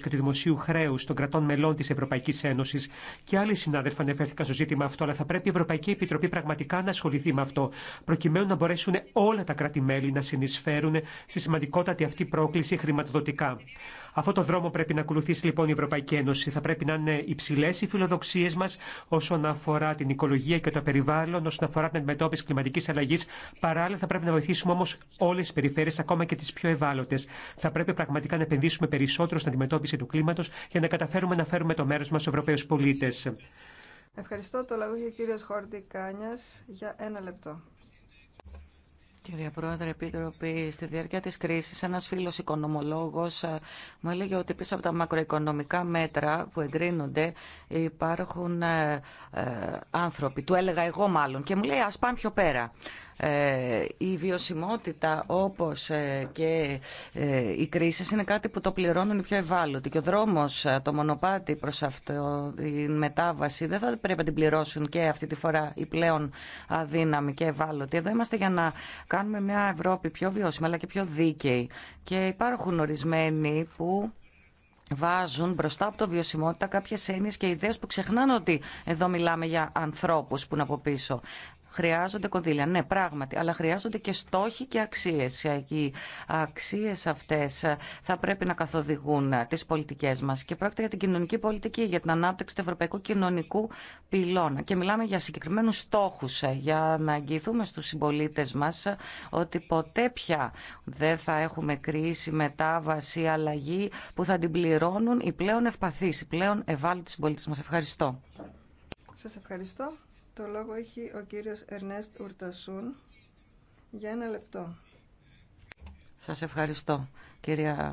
και του δημοσίου χρέου των κρατών μελών τη Ευρωπαϊκή Ένωση. Και άλλοι συνάδελφοι ανεφέρθηκαν στο ζήτημα αυτό, αλλά θα πρέπει η Ευρωπαϊκή Επιτροπή πραγματικά να ασχοληθεί με αυτό, προκειμένου να μπορέσουν όλα τα κράτη-μέλη να συνεισφέρουν στη σημαντικότατη αυτή πρόκληση χρηματοδοτικά. Αυτό το δρόμο πρέπει να ακολουθήσει λοιπόν η Ευρωπαϊκή Ένωση. Θα πρέπει να είναι υψηλέ οι φιλοδοξίε μα όσον αφορά την οικολογία και το περιβάλλον, όσον αφορά την αντιμετώπιση κλιματική αλλαγή. Παράλληλα, θα πρέπει να βοηθήσουμε όμω όλε τι περιφέρειε, ακόμα και τι πιο ευάλωτε. Θα πρέπει πραγματικά να επενδύσουμε περισσότερο στην αντιμετώπιση του κλίματο για να καταφέρουμε να φέρουμε το μέρο μα στου Ευρωπαίου πολίτε. Ευχαριστώ. Το λόγο κύριο Χόρντι Κάνια για ένα λεπτό. Κύριε Πρόεδρε, Επίτροπη, στη διάρκεια της κρίσης ένας φίλος οικονομολόγος ε, μου έλεγε ότι πίσω από τα μακροοικονομικά μέτρα που εγκρίνονται υπάρχουν ε, ε, άνθρωποι. Του έλεγα εγώ μάλλον και μου λέει ας πάμε πιο πέρα. Ε, η βιωσιμότητα όπως ε, και ε, οι κρίσεις είναι κάτι που το πληρώνουν οι πιο ευάλωτοι και ο δρόμος, το μονοπάτι προς αυτό, η μετάβαση δεν θα πρέπει να την πληρώσουν και αυτή τη φορά οι πλέον αδύναμοι και ευάλωτοι. Εδώ είμαστε για να κάνουμε μια Ευρώπη πιο βιώσιμη αλλά και πιο δίκαιη και υπάρχουν ορισμένοι που βάζουν μπροστά από το βιωσιμότητα κάποιε έννοιε και ιδέε που ξεχνάνε ότι εδώ μιλάμε για ανθρώπου που είναι από πίσω. Χρειάζονται κονδύλια, ναι, πράγματι, αλλά χρειάζονται και στόχοι και αξίε. Οι αξίες αυτές ε, θα πρέπει να καθοδηγούν ε, τι πολιτικέ μα και πρόκειται για την κοινωνική πολιτική, για την ανάπτυξη του ευρωπαϊκού κοινωνικού πυλώνα. Και μιλάμε για συγκεκριμένου στόχου. Ε, για να αγγιθούμε στου συμπολίτε μα ότι ποτέ πια δεν θα έχουμε κρίση, μετάβαση, αλλαγή που θα την πληρώνουν οι πλέον ευπαθεί, οι πλέον ευάλωτοι συμπολίτε μα. Ευχαριστώ. Σα ευχαριστώ. Το λόγο έχει ο κύριος Ερνέστ Ουρτασούν για ένα λεπτό. Σας ευχαριστώ κυρία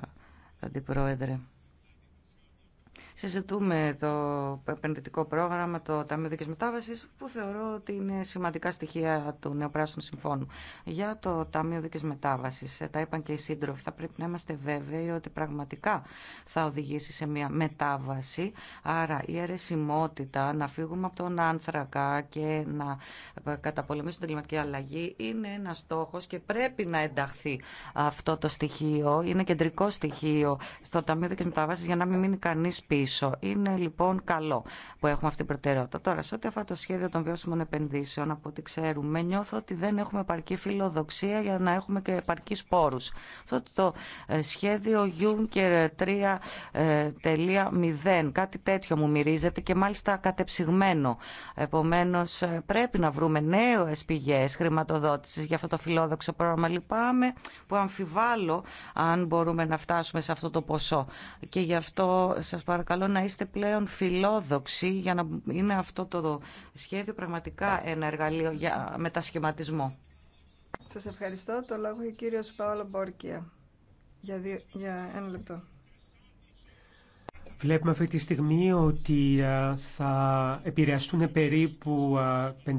Αντιπρόεδρε. Συζητούμε το επενδυτικό πρόγραμμα, το Ταμείο Δίκης Μετάβασης, που θεωρώ ότι είναι σημαντικά στοιχεία του Νεοπράσινου Συμφώνου. Για το Ταμείο Δίκης Μετάβασης, ε, τα είπαν και οι σύντροφοι, θα πρέπει να είμαστε βέβαιοι ότι πραγματικά θα οδηγήσει σε μια μετάβαση. Άρα η αιρεσιμότητα να φύγουμε από τον άνθρακα και να ε, καταπολεμήσουμε την κλιματική αλλαγή είναι ένα στόχο και πρέπει να ενταχθεί αυτό το στοιχείο. Είναι κεντρικό στοιχείο στο Ταμείο Δίκαιη Μετάβασης για να μην μείνει κανεί πίσω πίσω. Είναι λοιπόν καλό που έχουμε αυτή την προτεραιότητα. Τώρα, σε ό,τι αφορά το σχέδιο των βιώσιμων επενδύσεων, από ό,τι ξέρουμε, νιώθω ότι δεν έχουμε επαρκή φιλοδοξία για να έχουμε και επαρκή πόρου. Αυτό το ε, σχέδιο Juncker 3.0, ε, κάτι τέτοιο μου μυρίζεται και μάλιστα κατεψυγμένο. Επομένω, ε, πρέπει να βρούμε νέε πηγέ χρηματοδότηση για αυτό το φιλόδοξο πρόγραμμα. Λυπάμαι που αμφιβάλλω αν μπορούμε να φτάσουμε σε αυτό το ποσό. Και γι' αυτό σα παρακαλώ παρακαλώ να είστε πλέον φιλόδοξοι για να είναι αυτό το σχέδιο πραγματικά ένα εργαλείο για μετασχηματισμό. Σας ευχαριστώ. Το λόγο έχει ο κύριος Παόλο Μπόρκια για, για ένα λεπτό. Βλέπουμε αυτή τη στιγμή ότι θα επηρεαστούν περίπου 500.000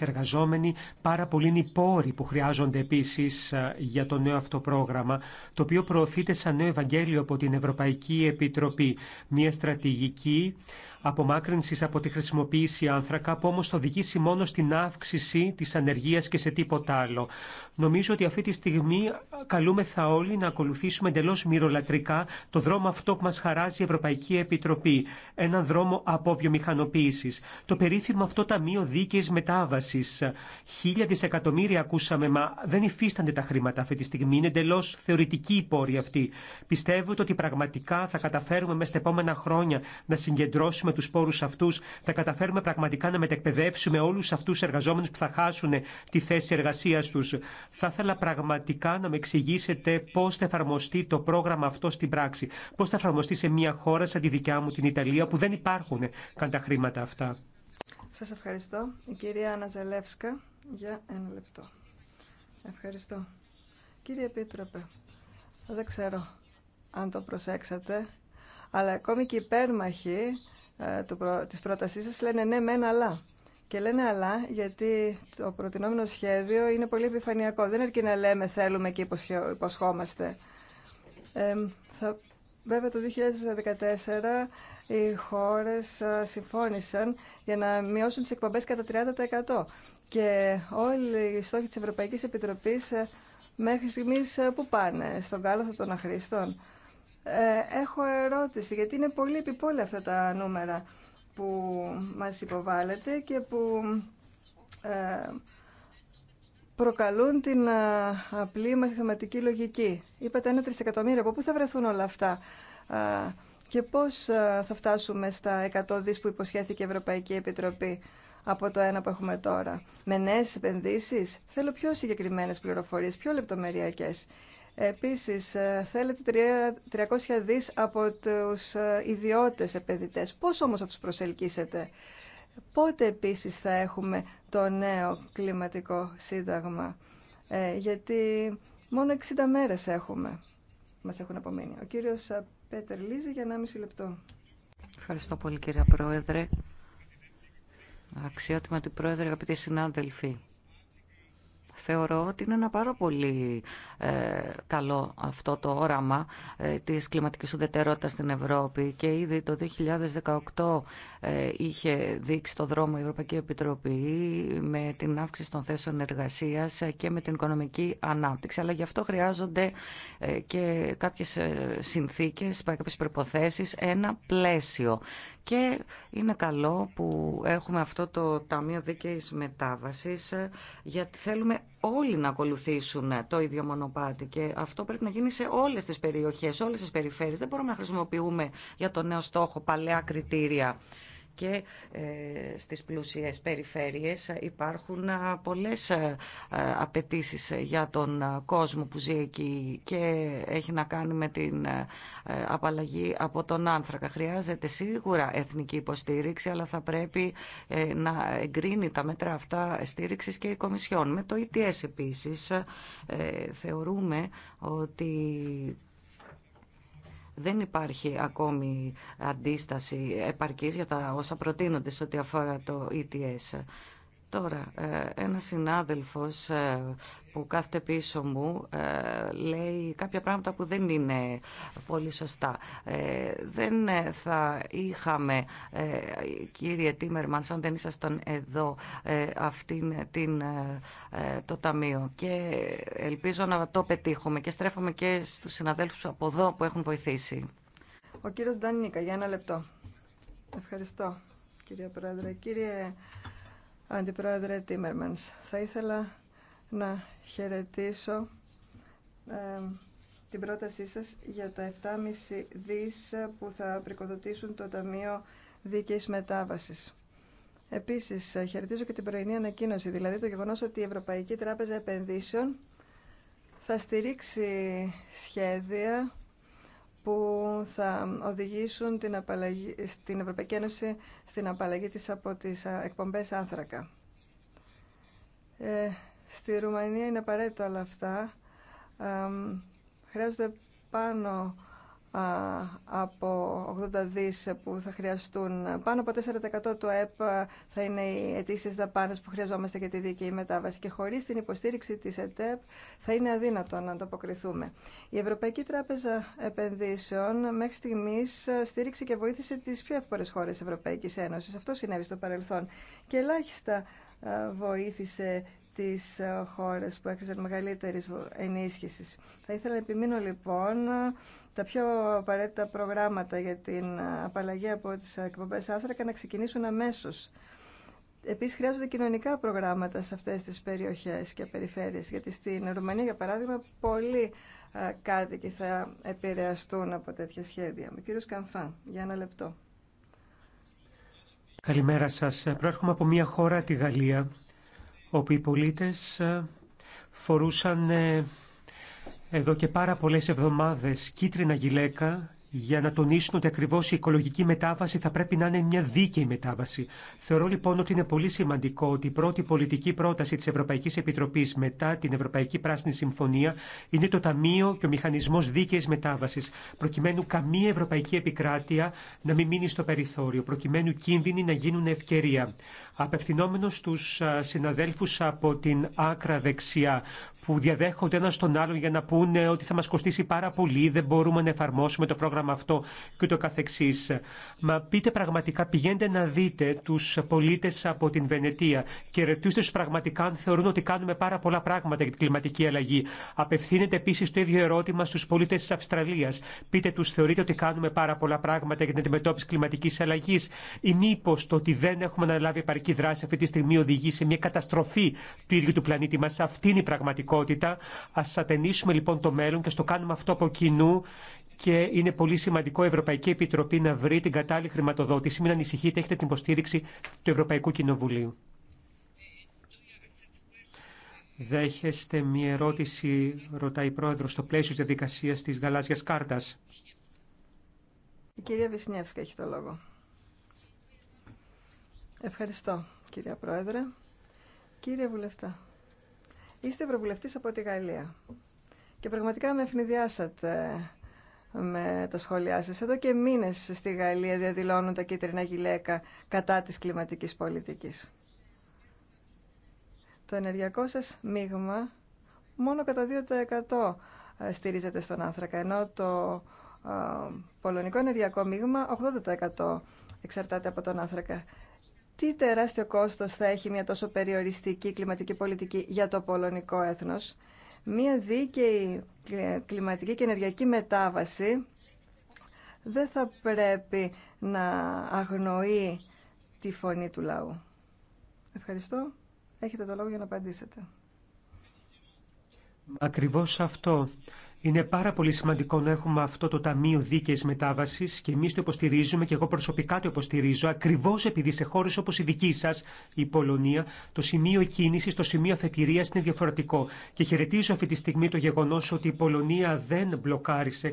εργαζόμενοι. Πάρα πολλοί είναι οι πόροι που χρειάζονται επίσης για το νέο αυτό πρόγραμμα, το οποίο προωθείται σαν νέο Ευαγγέλιο από την Ευρωπαϊκή Επιτροπή. Μια στρατηγική Απομάκρυνση από τη χρησιμοποίηση άνθρακα που όμω οδηγήσει μόνο στην αύξηση τη ανεργία και σε τίποτα άλλο. Νομίζω ότι αυτή τη στιγμή καλούμεθα όλοι να ακολουθήσουμε εντελώ μυρολατρικά το δρόμο αυτό που μα χαράζει η Ευρωπαϊκή Επιτροπή, έναν δρόμο από βιομηχανοποίηση. Το περίφημο αυτό Ταμείο Δίκαιη μετάβαση. Χίλια δισεκατομμύρια ακούσαμε, μα δεν υφίστανται τα χρήματα αυτή τη στιγμή. Είναι εντελώ θεωρητική η πόρη αυτή. Πιστεύω ότι πραγματικά θα καταφέρουμε μέσα στα επόμενα χρόνια να συγκεντρώσουμε τους του πόρου αυτού, θα καταφέρουμε πραγματικά να μετεκπαιδεύσουμε όλου αυτού του εργαζόμενου που θα χάσουν τη θέση εργασία του. Θα ήθελα πραγματικά να με εξηγήσετε πώ θα εφαρμοστεί το πρόγραμμα αυτό στην πράξη. Πώ θα εφαρμοστεί σε μια χώρα σαν τη δικιά μου, την Ιταλία, που δεν υπάρχουν καν τα χρήματα αυτά. Σα ευχαριστώ. Η κυρία Αναζελεύσκα για ένα λεπτό. Ευχαριστώ. Κύριε Επίτροπε, δεν ξέρω αν το προσέξατε, αλλά ακόμη και υπέρμαχοι ε, της πρότασής σας λένε ναι μεν αλλά. Και λένε αλλά γιατί το προτινόμενο σχέδιο είναι πολύ επιφανειακό. Δεν αρκεί να λέμε θέλουμε και υποσχόμαστε. Ε, θα, βέβαια το 2014 οι χώρες ε, συμφώνησαν για να μειώσουν τις εκπομπές κατά 30%. Και όλοι οι στόχοι της Ευρωπαϊκής Επιτροπής ε, μέχρι στιγμής που πάνε στον κάλαθο των αχρήστων. Ε, έχω ερώτηση, γιατί είναι πολύ επιπόλαια αυτά τα νούμερα που μας υποβάλλεται και που ε, προκαλούν την ε, απλή μαθηματική λογική. Είπατε ένα τρισεκατομμύριο, από πού θα βρεθούν όλα αυτά και πώς θα φτάσουμε στα 100 δις που υποσχέθηκε η Ευρωπαϊκή Επιτροπή από το ένα που έχουμε τώρα. Με νέες επενδύσει, θέλω πιο συγκεκριμένε πληροφορίες, πιο λεπτομεριακέ. Επίσης, ε, θέλετε 300 δις από τους ε, ιδιώτες επενδυτές. Πώς όμως θα τους προσελκύσετε. Πότε επίσης θα έχουμε το νέο κλιματικό σύνταγμα. Ε, γιατί μόνο 60 μέρες έχουμε. Μας έχουν απομείνει. Ο κύριος Πέτερ Λίζη για 1,5 λεπτό. Ευχαριστώ πολύ κύριε Πρόεδρε. Αξιότιμα την Πρόεδρε, αγαπητοί συνάδελφοι. Θεωρώ ότι είναι ένα πάρα πολύ ε, καλό αυτό το όραμα ε, της κλιματικής ουδετερότητας στην Ευρώπη και ήδη το 2018 ε, είχε δείξει το δρόμο η Ευρωπαϊκή Επιτροπή με την αύξηση των θέσεων εργασίας και με την οικονομική ανάπτυξη. Αλλά γι' αυτό χρειάζονται και κάποιες συνθήκες, κάποιες προϋποθέσεις, ένα πλαίσιο. Και είναι καλό που έχουμε αυτό το Ταμείο Δίκαιης Μετάβασης γιατί θέλουμε όλοι να ακολουθήσουν το ίδιο μονοπάτι και αυτό πρέπει να γίνει σε όλες τις περιοχές, σε όλες τις περιφέρειες. Δεν μπορούμε να χρησιμοποιούμε για το νέο στόχο παλαιά κριτήρια και ε, στις πλούσιες περιφέρειες υπάρχουν ε, πολλές ε, απαιτήσεις για τον κόσμο που ζει εκεί και έχει να κάνει με την απαλλαγή από τον άνθρακα. Χρειάζεται σίγουρα εθνική υποστήριξη, αλλά θα πρέπει να εγκρίνει τα μέτρα αυτά στήριξης και η Κομισιόν. Με το ETS επίσης θεωρούμε ότι δεν υπάρχει ακόμη αντίσταση επαρκής για τα όσα προτείνονται σε ό,τι αφορά το ETS. Τώρα, ε, ένας συνάδελφος ε, που κάθεται πίσω μου ε, λέει κάποια πράγματα που δεν είναι πολύ σωστά. Δεν θα είχαμε, κύριε Τίμερμαν, αν δεν ήσασταν εδώ, αυτήν την, το Ταμείο. Και ελπίζω να το πετύχουμε και στρέφομαι και στους συναδέλφους από εδώ που έχουν βοηθήσει. Ο κύριος Ντανίκα, για ένα λεπτό. Ευχαριστώ, κύριε Πρόεδρε. Κύριε Αντιπρόεδρε Τίμερμανς. Θα ήθελα να χαιρετήσω την πρότασή σας για τα 7,5 δις που θα πρικοδοτήσουν το Ταμείο Δίκαιης Μετάβασης. Επίσης, χαιρετίζω και την πρωινή ανακοίνωση, δηλαδή το γεγονός ότι η Ευρωπαϊκή Τράπεζα Επενδύσεων θα στηρίξει σχέδια που θα οδηγήσουν την, στην Ευρωπαϊκή Ένωση στην απαλλαγή της από τις εκπομπές άνθρακα. Ε, στη Ρουμανία είναι απαραίτητο όλα αυτά. χρειάζονται πάνω από 80 δις που θα χρειαστούν. Πάνω από 4% του ΑΕΠ θα είναι οι αιτήσεις δαπάνε που χρειαζόμαστε για τη δίκαιη μετάβαση και χωρίς την υποστήριξη της ΕΤΕΠ θα είναι αδύνατο να ανταποκριθούμε. Η Ευρωπαϊκή Τράπεζα Επενδύσεων μέχρι στιγμής στήριξε και βοήθησε τις πιο εύπορες χώρες της Ευρωπαϊκής Ένωσης. Αυτό συνέβη στο παρελθόν και ελάχιστα βοήθησε τις χώρες που έκριζαν μεγαλύτερη ενίσχυση. Θα ήθελα να επιμείνω λοιπόν τα πιο απαραίτητα προγράμματα για την απαλλαγή από τις εκπομπές άνθρακα να ξεκινήσουν αμέσως. Επίσης χρειάζονται κοινωνικά προγράμματα σε αυτές τις περιοχές και περιφέρειες, γιατί στην Ρουμανία, για παράδειγμα, πολλοί κάτοικοι θα επηρεαστούν από τέτοια σχέδια. Ο κύριος για ένα λεπτό. Καλημέρα σας. Προέρχομαι από μια χώρα, τη Γαλλία, όπου οι πολίτες φορούσαν ε, εδώ και πάρα πολλέ εβδομάδε κίτρινα γυλαίκα για να τονίσουν ότι ακριβώ η οικολογική μετάβαση θα πρέπει να είναι μια δίκαιη μετάβαση. Θεωρώ λοιπόν ότι είναι πολύ σημαντικό ότι η πρώτη πολιτική πρόταση τη Ευρωπαϊκή Επιτροπής μετά την Ευρωπαϊκή Πράσινη Συμφωνία είναι το Ταμείο και ο μηχανισμό δίκαιη μετάβαση. προκειμένου καμία ευρωπαϊκή επικράτεια να μην μείνει στο περιθώριο, προκειμένου κίνδυνοι να γίνουν ευκαιρία. Απευθυνόμενο στου συναδέλφου από την άκρα δεξιά που διαδέχονται ένα στον άλλον για να πούνε ότι θα μα κοστίσει πάρα πολύ, δεν μπορούμε να εφαρμόσουμε το πρόγραμμα αυτό και το καθεξής. Μα πείτε πραγματικά, πηγαίνετε να δείτε του πολίτε από την Βενετία και ρωτήστε του πραγματικά αν θεωρούν ότι κάνουμε πάρα πολλά πράγματα για την κλιματική αλλαγή. Απευθύνεται επίση το ίδιο ερώτημα στου πολίτε τη Αυστραλία. Πείτε του, θεωρείτε ότι κάνουμε πάρα πολλά πράγματα για την αντιμετώπιση κλιματική αλλαγή ή μήπω το ότι δεν έχουμε αναλάβει επαρκή δράση αυτή τη στιγμή οδηγεί σε μια καταστροφή του ίδιου του πλανήτη μα. Αυτή είναι η πραγματικότητα πραγματικότητα. Ας ατενίσουμε λοιπόν το μέλλον και στο κάνουμε αυτό από κοινού και είναι πολύ σημαντικό η Ευρωπαϊκή Επιτροπή να βρει την κατάλληλη χρηματοδότηση. Μην ανησυχείτε, έχετε την υποστήριξη του Ευρωπαϊκού Κοινοβουλίου. Δέχεστε μία ερώτηση, ρωτάει η Πρόεδρο, στο πλαίσιο τη διαδικασίας τη Γαλάζιας καρτα Η κυρία Βυσνιεύσκα έχει το λόγο. Ευχαριστώ, κυρία Πρόεδρε. Κύριε Βουλευτά, Είστε ευρωβουλευτή από τη Γαλλία. Και πραγματικά με ευνηδιάσατε με τα σχόλιά σας. Εδώ και μήνε στη Γαλλία διαδηλώνουν τα κίτρινα γυλαίκα κατά τη κλιματική πολιτική. Το ενεργειακό σα μείγμα μόνο κατά 2% ε, στηρίζεται στον άνθρακα, ενώ το ε, πολωνικό ενεργειακό μείγμα 80% εξαρτάται από τον άνθρακα τι τεράστιο κόστος θα έχει μια τόσο περιοριστική κλιματική πολιτική για το πολωνικό έθνος. Μια δίκαιη κλιματική και ενεργειακή μετάβαση δεν θα πρέπει να αγνοεί τη φωνή του λαού. Ευχαριστώ. Έχετε το λόγο για να απαντήσετε. Ακριβώς αυτό. Είναι πάρα πολύ σημαντικό να έχουμε αυτό το Ταμείο Δίκαιη Μετάβαση και εμεί το υποστηρίζουμε και εγώ προσωπικά το υποστηρίζω, ακριβώ επειδή σε χώρε όπω η δική σα, η Πολωνία, το σημείο κίνηση, το σημείο αφετηρία είναι διαφορετικό. Και χαιρετίζω αυτή τη στιγμή το γεγονό ότι η Πολωνία δεν μπλοκάρισε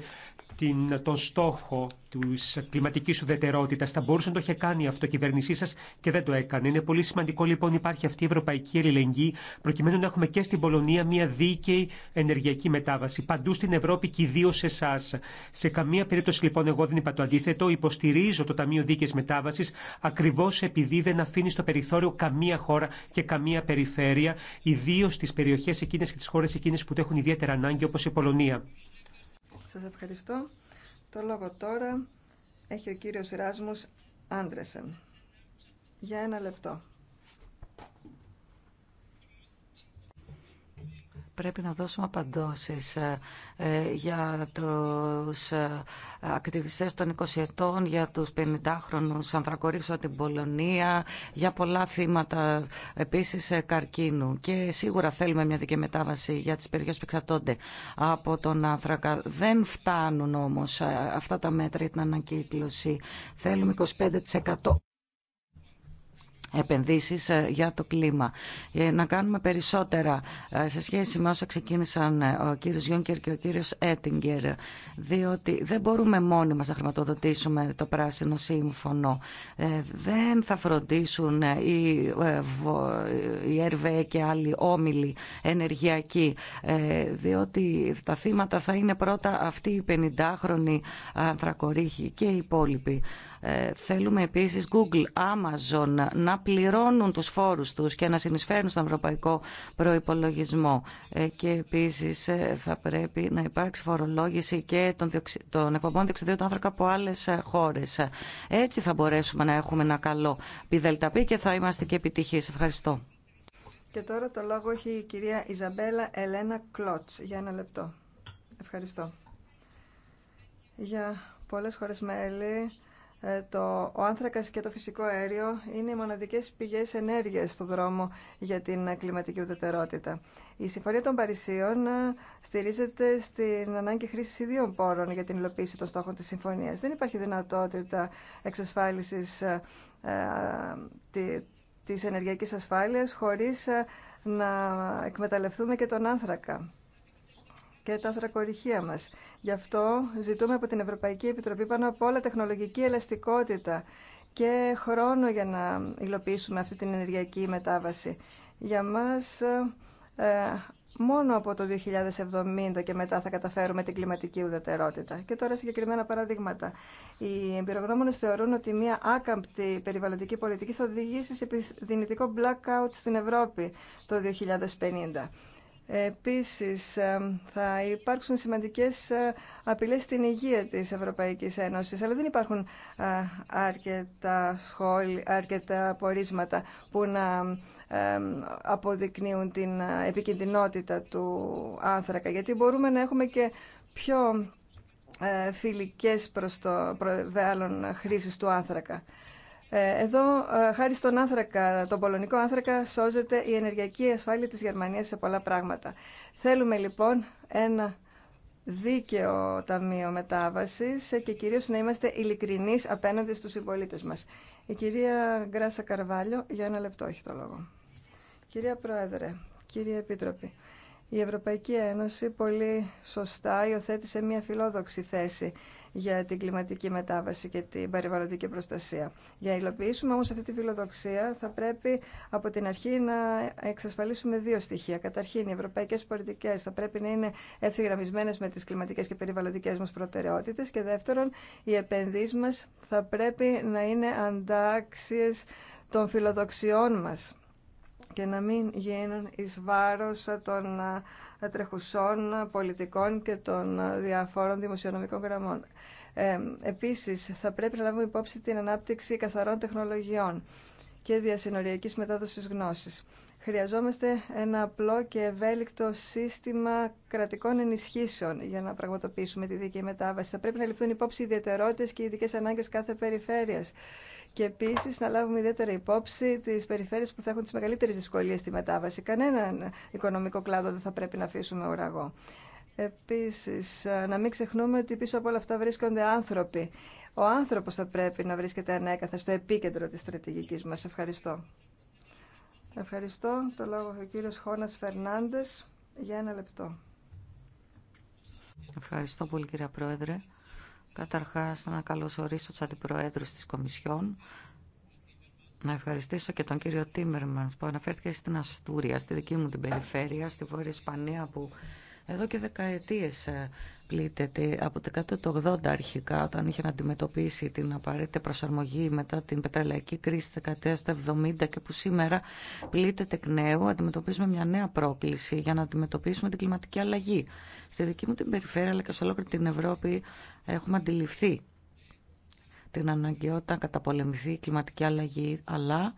την, τον στόχο τη κλιματική ουδετερότητα. Θα μπορούσε να το είχε κάνει αυτό η κυβέρνησή σα και δεν το έκανε. Είναι πολύ σημαντικό λοιπόν υπάρχει αυτή η ευρωπαϊκή ελληνική, προκειμένου να έχουμε και στην Πολωνία μια δίκαιη ενεργειακή μετάβαση. Παντού στην Ευρώπη και ιδίω σε εσά. Σε καμία περίπτωση λοιπόν εγώ δεν είπα το αντίθετο. Υποστηρίζω το Ταμείο Δίκαιη Μετάβαση ακριβώ επειδή δεν αφήνει στο περιθώριο καμία χώρα και καμία περιφέρεια, ιδίω στι περιοχέ εκείνε και τι χώρε εκείνε που το έχουν ιδιαίτερα ανάγκη όπω η Πολωνία. Σας ευχαριστώ. Το λόγο τώρα έχει ο κύριος Ράσμους Άντρεσεν. Για ένα λεπτό. πρέπει να δώσουμε απαντώσεις ε, ε, για τους ε, ακτιβιστές των 20 ετών, για τους 50χρονους ανθρακορίξου από την Πολωνία, για πολλά θύματα επίσης καρκίνου. Και σίγουρα θέλουμε μια δική μετάβαση για τις περιοχές που εξαρτώνται από τον άνθρακα. Δεν φτάνουν όμως αυτά τα μέτρα για την ανακύκλωση. Θέλουμε 25% επενδύσεις ε, για το κλίμα. Ε, να κάνουμε περισσότερα ε, σε σχέση με όσα ξεκίνησαν ο κύριος Γιόνκερ και ο κύριος Έτιγκερ, διότι δεν μπορούμε μόνοι μας να χρηματοδοτήσουμε το πράσινο σύμφωνο. Δεν θα φροντίσουν οι, οι ΕΡΒΕ και άλλοι όμιλοι ενεργειακοί, διότι τα θύματα θα είναι πρώτα αυτοί οι 50χρονοι ανθρακορίχοι και οι υπόλοιποι. Ε, θέλουμε επίσης Google, Amazon να πληρώνουν τους φόρους τους και να συνεισφέρουν στον ευρωπαϊκό προϋπολογισμό. Ε, και επίσης ε, θα πρέπει να υπάρξει φορολόγηση και των, διοξι... εκπομπών διοξιδίου του άνθρακα από άλλες χώρες. Έτσι θα μπορέσουμε να έχουμε ένα καλό πιδελταπή και θα είμαστε και επιτυχείς. Ευχαριστώ. Και τώρα το λόγο έχει η κυρία Ιζαμπέλα Ελένα Κλότς για ένα λεπτό. Ευχαριστώ. Για πολλές χώρες μέλη ε, το, ο άνθρακας και το φυσικό αέριο είναι οι μοναδικές πηγές ενέργειας στον δρόμο για την ε, κλιματική ουδετερότητα. Η Συμφωνία των Παρισίων ε, στηρίζεται στην ανάγκη χρήσης ιδίων πόρων για την υλοποίηση των στόχων της Συμφωνίας. Δεν υπάρχει δυνατότητα εξασφάλισης τη, της ενεργειακής ασφάλειας χωρίς να εκμεταλλευτούμε και τον άνθρακα και τα ανθρακοριχεία μας. Γι' αυτό ζητούμε από την Ευρωπαϊκή Επιτροπή πάνω από όλα τεχνολογική ελαστικότητα και χρόνο για να υλοποιήσουμε αυτή την ενεργειακή μετάβαση. Για μας ε, ε, μόνο από το 2070 και μετά θα καταφέρουμε την κλιματική ουδετερότητα. Και τώρα συγκεκριμένα παραδείγματα. Οι εμπειρογνώμονε θεωρούν ότι μια άκαμπτη περιβαλλοντική πολιτική θα οδηγήσει σε δυνητικό blackout στην Ευρώπη το 2050. Επίσης, ε, θα υπάρξουν σημαντικές ε, απειλές στην υγεία της Ευρωπαϊκής Ένωσης, αλλά δεν υπάρχουν ε, αρκετά, σχόλια, αρκετά πορίσματα που να αποδεικνύουν την επικινδυνότητα του άνθρακα, γιατί μπορούμε να έχουμε και πιο φιλικές προς το προβάλλον χρήσης του άνθρακα. Ε, εδώ, ε, χάρη στον άνθρακα, τον πολωνικό άνθρακα, σώζεται η ενεργειακή ασφάλεια της Γερμανίας σε πολλά πράγματα. Θέλουμε λοιπόν ένα δίκαιο ταμείο μετάβασης ε, και κυρίως να είμαστε ειλικρινεί απέναντι στους συμπολίτε μας. Η κυρία Γκράσα Καρβάλιο, για ένα λεπτό έχει το λόγο. Κυρία Πρόεδρε, κύριε Επίτροπη, η Ευρωπαϊκή Ένωση πολύ σωστά υιοθέτησε μια φιλόδοξη θέση για την κλιματική μετάβαση και την περιβαλλοντική προστασία. Για να υλοποιήσουμε όμως αυτή τη φιλοδοξία θα πρέπει από την αρχή να εξασφαλίσουμε δύο στοιχεία. Καταρχήν, οι ευρωπαϊκές πολιτικές θα πρέπει να είναι ευθυγραμμισμένες με τις κλιματικές και περιβαλλοντικές μας προτεραιότητες και δεύτερον, οι επενδύσεις μας θα πρέπει να είναι αντάξιες των φιλοδοξιών μας και να μην γίνουν εις βάρος των ε, τρεχουσών πολιτικών και των ε, διαφόρων δημοσιονομικών γραμμών. Ε, επίσης, θα πρέπει να λάβουμε υπόψη την ανάπτυξη καθαρών τεχνολογιών και διασυνοριακής μετάδοσης γνώσης. Χρειαζόμαστε ένα απλό και ευέλικτο σύστημα κρατικών ενισχύσεων για να πραγματοποιήσουμε τη δίκαιη μετάβαση. Θα πρέπει να ληφθούν υπόψη ιδιαιτερότητες και ειδικέ ανάγκες κάθε περιφέρειας και επίση να λάβουμε ιδιαίτερα υπόψη τι περιφέρειε που θα έχουν τι μεγαλύτερε δυσκολίε στη μετάβαση. Κανέναν οικονομικό κλάδο δεν θα πρέπει να αφήσουμε ουραγό. Επίση, να μην ξεχνούμε ότι πίσω από όλα αυτά βρίσκονται άνθρωποι. Ο άνθρωπο θα πρέπει να βρίσκεται ανέκαθα στο επίκεντρο τη στρατηγική μα. Ευχαριστώ. Ευχαριστώ. Το λόγο ο κύριο Χώνα Φερνάντε για ένα λεπτό. Ευχαριστώ πολύ κύριε Πρόεδρε. Καταρχάς να καλωσορίσω τους αντιπροέδρους της Κομισιόν, να ευχαριστήσω και τον κύριο Τίμερμανς που αναφέρθηκε στην Αστούρια, στη δική μου την περιφέρεια, στη Βόρεια Ισπανία που εδώ και δεκαετίες ε, πλήττεται από το 1980 αρχικά όταν είχε να αντιμετωπίσει την απαραίτητη προσαρμογή μετά την πετρελαϊκή κρίση δεκαετία στα 70 και που σήμερα πλήττεται εκ νέου αντιμετωπίζουμε μια νέα πρόκληση για να αντιμετωπίσουμε την κλιματική αλλαγή. Στη δική μου την περιφέρεια αλλά και σε ολόκληρη την Ευρώπη έχουμε αντιληφθεί την αναγκαιότητα να καταπολεμηθεί η κλιματική αλλαγή αλλά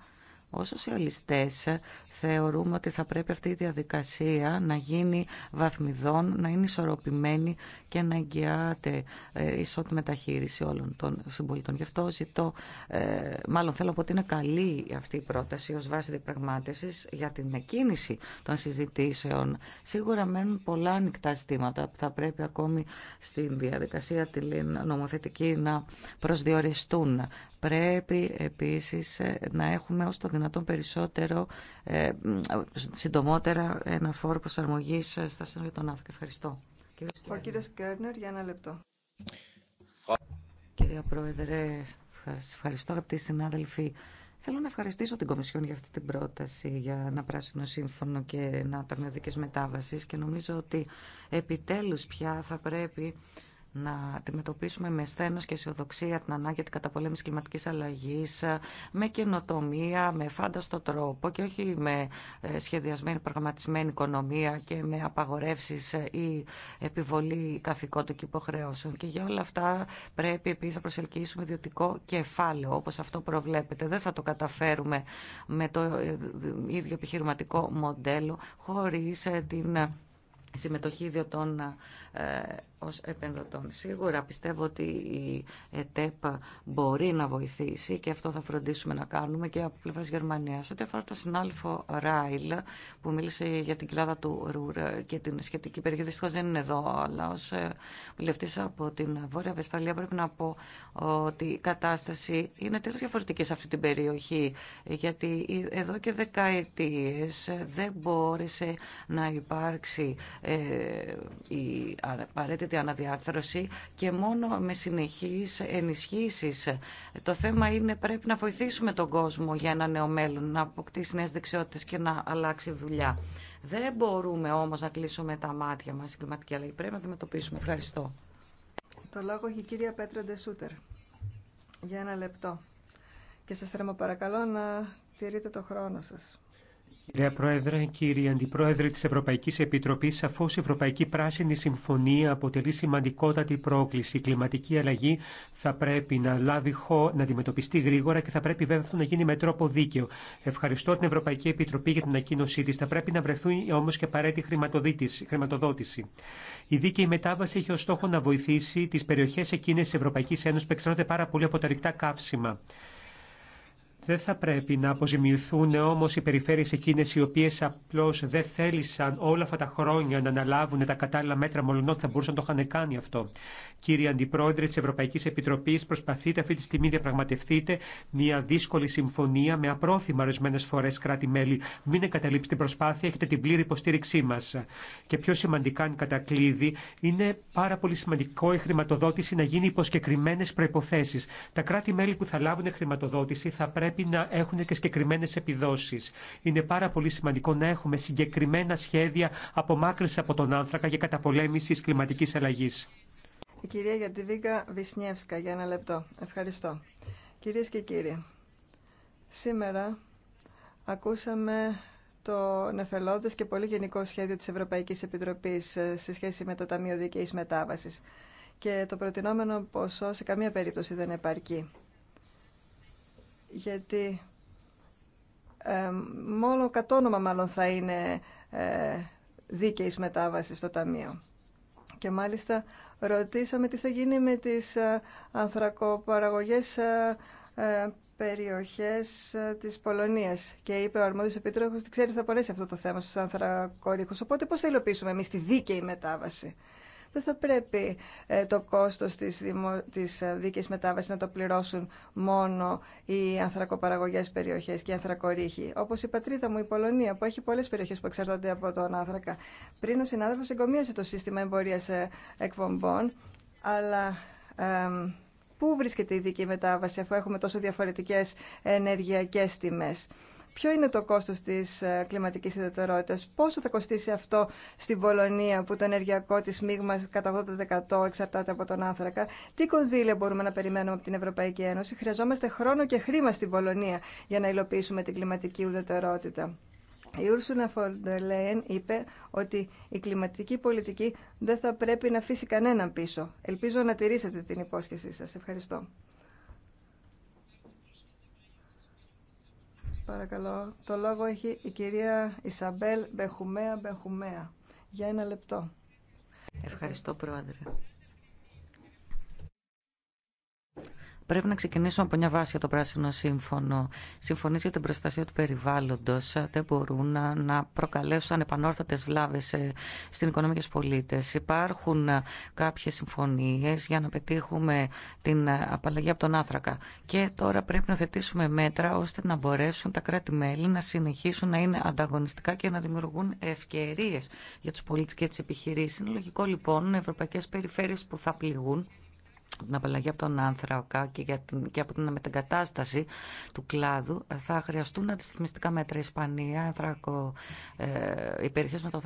ως σοσιαλιστές θεωρούμε ότι θα πρέπει αυτή η διαδικασία να γίνει βαθμιδών, να είναι ισορροπημένη και να εγγυάται ε, ισότη μεταχείριση όλων των συμπολιτών. Γι' αυτό ζητώ, ε, μάλλον θέλω πω ότι είναι καλή αυτή η πρόταση ως βάση διπραγμάτευσης για την εκκίνηση των συζητήσεων. Σίγουρα μένουν πολλά ανοιχτά ζητήματα που θα πρέπει ακόμη στην διαδικασία τη νομοθετική να προσδιοριστούν Πρέπει επίσης ε, να έχουμε όσο το δυνατόν περισσότερο, ε, ε, συντομότερα, ένα φόρο προσαρμογή στα σύνορα των άνθρωπων. Ευχαριστώ. Ο κύριος Κέρνερ για ένα λεπτό. Κυρία Πρόεδρε, σας ευχαριστώ αγαπητοί συνάδελφοι. Θέλω να ευχαριστήσω την Κομισιόν για αυτή την πρόταση για ένα πράσινο σύμφωνο και ένα ταμείο μετάβασης και νομίζω ότι επιτέλους πια θα πρέπει να αντιμετωπίσουμε με σθένος και αισιοδοξία την ανάγκη την καταπολέμηση κλιματικής αλλαγής με καινοτομία, με φάνταστο τρόπο και όχι με ε, σχεδιασμένη, προγραμματισμένη οικονομία και με απαγορεύσεις ε, ή επιβολή καθηκόντων και υποχρεώσεων. Και για όλα αυτά πρέπει επίσης να προσελκύσουμε ιδιωτικό κεφάλαιο, όπως αυτό προβλέπεται. Δεν θα το καταφέρουμε με το ε, ίδιο επιχειρηματικό μοντέλο χωρίς την συμμετοχή ιδιωτών ε, ως επενδοτών. Σίγουρα πιστεύω ότι η ΕΤΕΠ μπορεί να βοηθήσει και αυτό θα φροντίσουμε να κάνουμε και από πλευρά Γερμανία. Ό,τι αφορά τον συνάλφο Ράιλ που μίλησε για την κοιλάδα του Ρουρ και την σχετική περιοχή, δυστυχώ δεν είναι εδώ, αλλά ω ε, βουλευτή από την Βόρεια Βεσφαλία πρέπει να πω ότι η κατάσταση είναι τελείω διαφορετική σε αυτή την περιοχή. Γιατί εδώ και δεκαετίε δεν μπόρεσε να υπάρξει ε, η απαραίτητη αναδιάρθρωση και μόνο με συνεχείς ενισχύσεις. Το θέμα είναι πρέπει να βοηθήσουμε τον κόσμο για ένα νέο μέλλον, να αποκτήσει νέες δεξιότητες και να αλλάξει δουλειά. Δεν μπορούμε όμως να κλείσουμε τα μάτια μας στην κλιματική αλλαγή. Πρέπει να αντιμετωπίσουμε. Ευχαριστώ. Το λόγο έχει η κυρία Πέτρα Ντεσούτερ. Για ένα λεπτό. Και σας παρακαλώ να τηρείτε το χρόνο σας. Κυρία Πρόεδρε, κύριε Αντιπρόεδρε της Ευρωπαϊκής Επιτροπής, σαφώς η Ευρωπαϊκή Πράσινη Συμφωνία αποτελεί σημαντικότατη πρόκληση. Η κλιματική αλλαγή θα πρέπει να λάβει χώ, να αντιμετωπιστεί γρήγορα και θα πρέπει βέβαια να γίνει με τρόπο δίκαιο. Ευχαριστώ την Ευρωπαϊκή Επιτροπή για την ανακοίνωσή της. Θα πρέπει να βρεθούν όμως και απαραίτητη χρηματοδότηση. Η δίκαιη μετάβαση έχει ως στόχο να βοηθήσει τις περιοχές εκείνες τη Ευρωπαϊκής Ένωσης που εξαρτώνται πάρα πολύ από τα ρηκτά καύσιμα. Δεν θα πρέπει να αποζημιωθούν όμως οι περιφέρειες εκείνες οι οποίες απλώς δεν θέλησαν όλα αυτά τα χρόνια να αναλάβουν τα κατάλληλα μέτρα μολονότι θα μπορούσαν να το είχαν κάνει αυτό. Κύριε Αντιπρόεδρε της Ευρωπαϊκής Επιτροπής, προσπαθείτε αυτή τη στιγμή να διαπραγματευτείτε μια δύσκολη συμφωνία με απρόθυμα ορισμένε φορές κράτη-μέλη. Μην εγκαταλείψετε την προσπάθεια, έχετε την πλήρη υποστήριξή μας. Και πιο σημαντικά, αν κατακλείδη, είναι πάρα πολύ σημαντικό η χρηματοδότηση να γίνει υπό προποθέσει. Τα κράτη-μέλη που θα λάβουν χρηματοδότηση θα πρέπει να έχουν και συγκεκριμένε επιδόσει. Είναι πάρα πολύ σημαντικό να έχουμε συγκεκριμένα σχέδια απομάκρυνση από τον άνθρακα για καταπολέμηση κλιματική αλλαγή. Η κυρία Γιατιβίκα Βυσνιεύσκα, για ένα λεπτό. Ευχαριστώ. Κυρίε και κύριοι, σήμερα ακούσαμε το νεφελώδες και πολύ γενικό σχέδιο τη Ευρωπαϊκής Επιτροπής ε, σε σχέση με το Ταμείο Δικαιής μετάβαση και το προτινόμενο ποσό σε καμία περίπτωση δεν επαρκεί γιατί ε, μόνο κατ' όνομα μάλλον θα είναι ε, δίκαιης μετάβαση στο Ταμείο. Και μάλιστα ρωτήσαμε τι θα γίνει με τις ε, ανθρακοπαραγωγές ε, ε, περιοχές της Πολωνίας. Και είπε ο αρμόδιος επίτροπος ότι ξέρει θα πονέσει αυτό το θέμα στους ανθρακορίχους. Οπότε πώς θα υλοποιήσουμε εμείς τη δίκαιη μετάβαση δεν θα πρέπει ε, το κόστος της, δημο... της ε, μετάβασης να το πληρώσουν μόνο οι ανθρακοπαραγωγές περιοχές και οι ανθρακορύχοι. Όπως η πατρίδα μου, η Πολωνία, που έχει πολλές περιοχές που εξαρτώνται από τον άνθρακα. Πριν ο συνάδελφος εγκομίασε το σύστημα εμπορίας ε, εκπομπών, αλλά... Πού βρίσκεται η δίκη μετάβαση αφού έχουμε τόσο διαφορετικές ενεργειακές τιμές. Ποιο είναι το κόστος της ε, κλιματικής ιδιαιτερότητας, πόσο θα κοστίσει αυτό στην Πολωνία που το ενεργειακό της μείγμα κατά 80% εξαρτάται από τον άνθρακα. Τι κονδύλια μπορούμε να περιμένουμε από την Ευρωπαϊκή Ένωση. Χρειαζόμαστε χρόνο και χρήμα στην Πολωνία για να υλοποιήσουμε την κλιματική ουδετερότητα. Η Ursula von είπε ότι η κλιματική πολιτική δεν θα πρέπει να αφήσει κανέναν πίσω. Ελπίζω να τηρήσετε την υπόσχεσή σας. Ευχαριστώ. παρακαλώ. Το λόγο έχει η κυρία Ισαμπέλ Μπεχουμέα Μπεχουμέα. Για ένα λεπτό. Ευχαριστώ, Πρόεδρε. Πρέπει να ξεκινήσουμε από μια βάση για το πράσινο σύμφωνο. Συμφωνίε για την προστασία του περιβάλλοντο ε, δεν μπορούν να προκαλέσουν ανεπανόρθωτε βλάβε ε, στην οικονομία και πολίτε. Υπάρχουν ε, κάποιε συμφωνίε για να πετύχουμε την απαλλαγή από τον άνθρακα. Και τώρα πρέπει να θετήσουμε μέτρα ώστε να μπορέσουν τα κράτη-μέλη να συνεχίσουν να είναι ανταγωνιστικά και να δημιουργούν ευκαιρίε για του πολίτε και τι επιχειρήσει. Είναι λογικό λοιπόν οι ευρωπαϊκέ περιφέρειε που θα πληγούν την απαλλαγή από τον άνθρακα και, για την, και από την μετεγκατάσταση του κλάδου θα χρειαστούν αντιστοιχιστικά μέτρα. Η Ισπανία, ε, οι περιοχέ με τα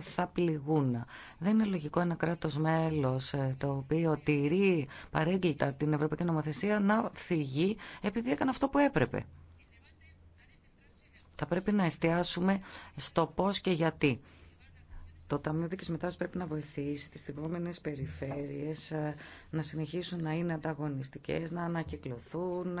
θα πληγούν. Δεν είναι λογικό ένα κράτος μέλος ε, το οποίο τηρεί παρέγκλητα την Ευρωπαϊκή Νομοθεσία να θυγεί επειδή έκανε αυτό που έπρεπε. Θα πρέπει να εστιάσουμε στο πώς και γιατί. Το Ταμείο Δίκης Μετάβασης πρέπει να βοηθήσει τις στιγμόμενες περιφέρειες ε, να συνεχίσουν να είναι ανταγωνιστικές, να ανακυκλωθούν,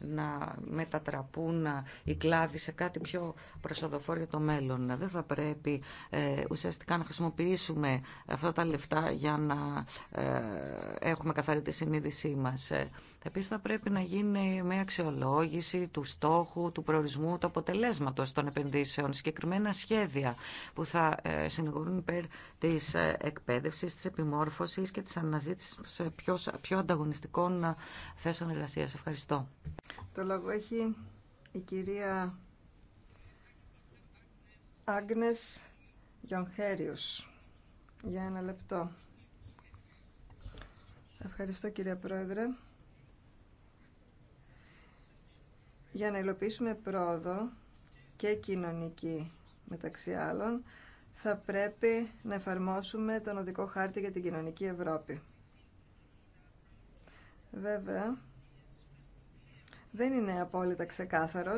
να μετατραπούν οι κλάδοι σε κάτι πιο προσοδοφόρο για το μέλλον. Δεν θα πρέπει ε, ουσιαστικά να χρησιμοποιήσουμε αυτά τα λεφτά για να ε, έχουμε καθαρή τη συνείδησή μας. Ε, επίσης θα πρέπει να γίνει μια αξιολόγηση του στόχου, του προορισμού, του αποτελέσματος των επενδύσεων, συγκεκριμένα σχέδια που θα ε, συνηγορούν υπέρ της ε, εκπαίδευσης, της επιμόρφωσης και της αναζήτησης σε πιο, πιο ανταγωνιστικών θέσεων εργασίας. Ευχαριστώ. Το λόγο έχει η κυρία Άγνες Γιονχέριους. Για ένα λεπτό. Ευχαριστώ κυρία Πρόεδρε. Για να υλοποιήσουμε πρόοδο και κοινωνική μεταξύ άλλων, θα πρέπει να εφαρμόσουμε τον οδικό χάρτη για την κοινωνική Ευρώπη. Βέβαια, δεν είναι απόλυτα ξεκάθαρο,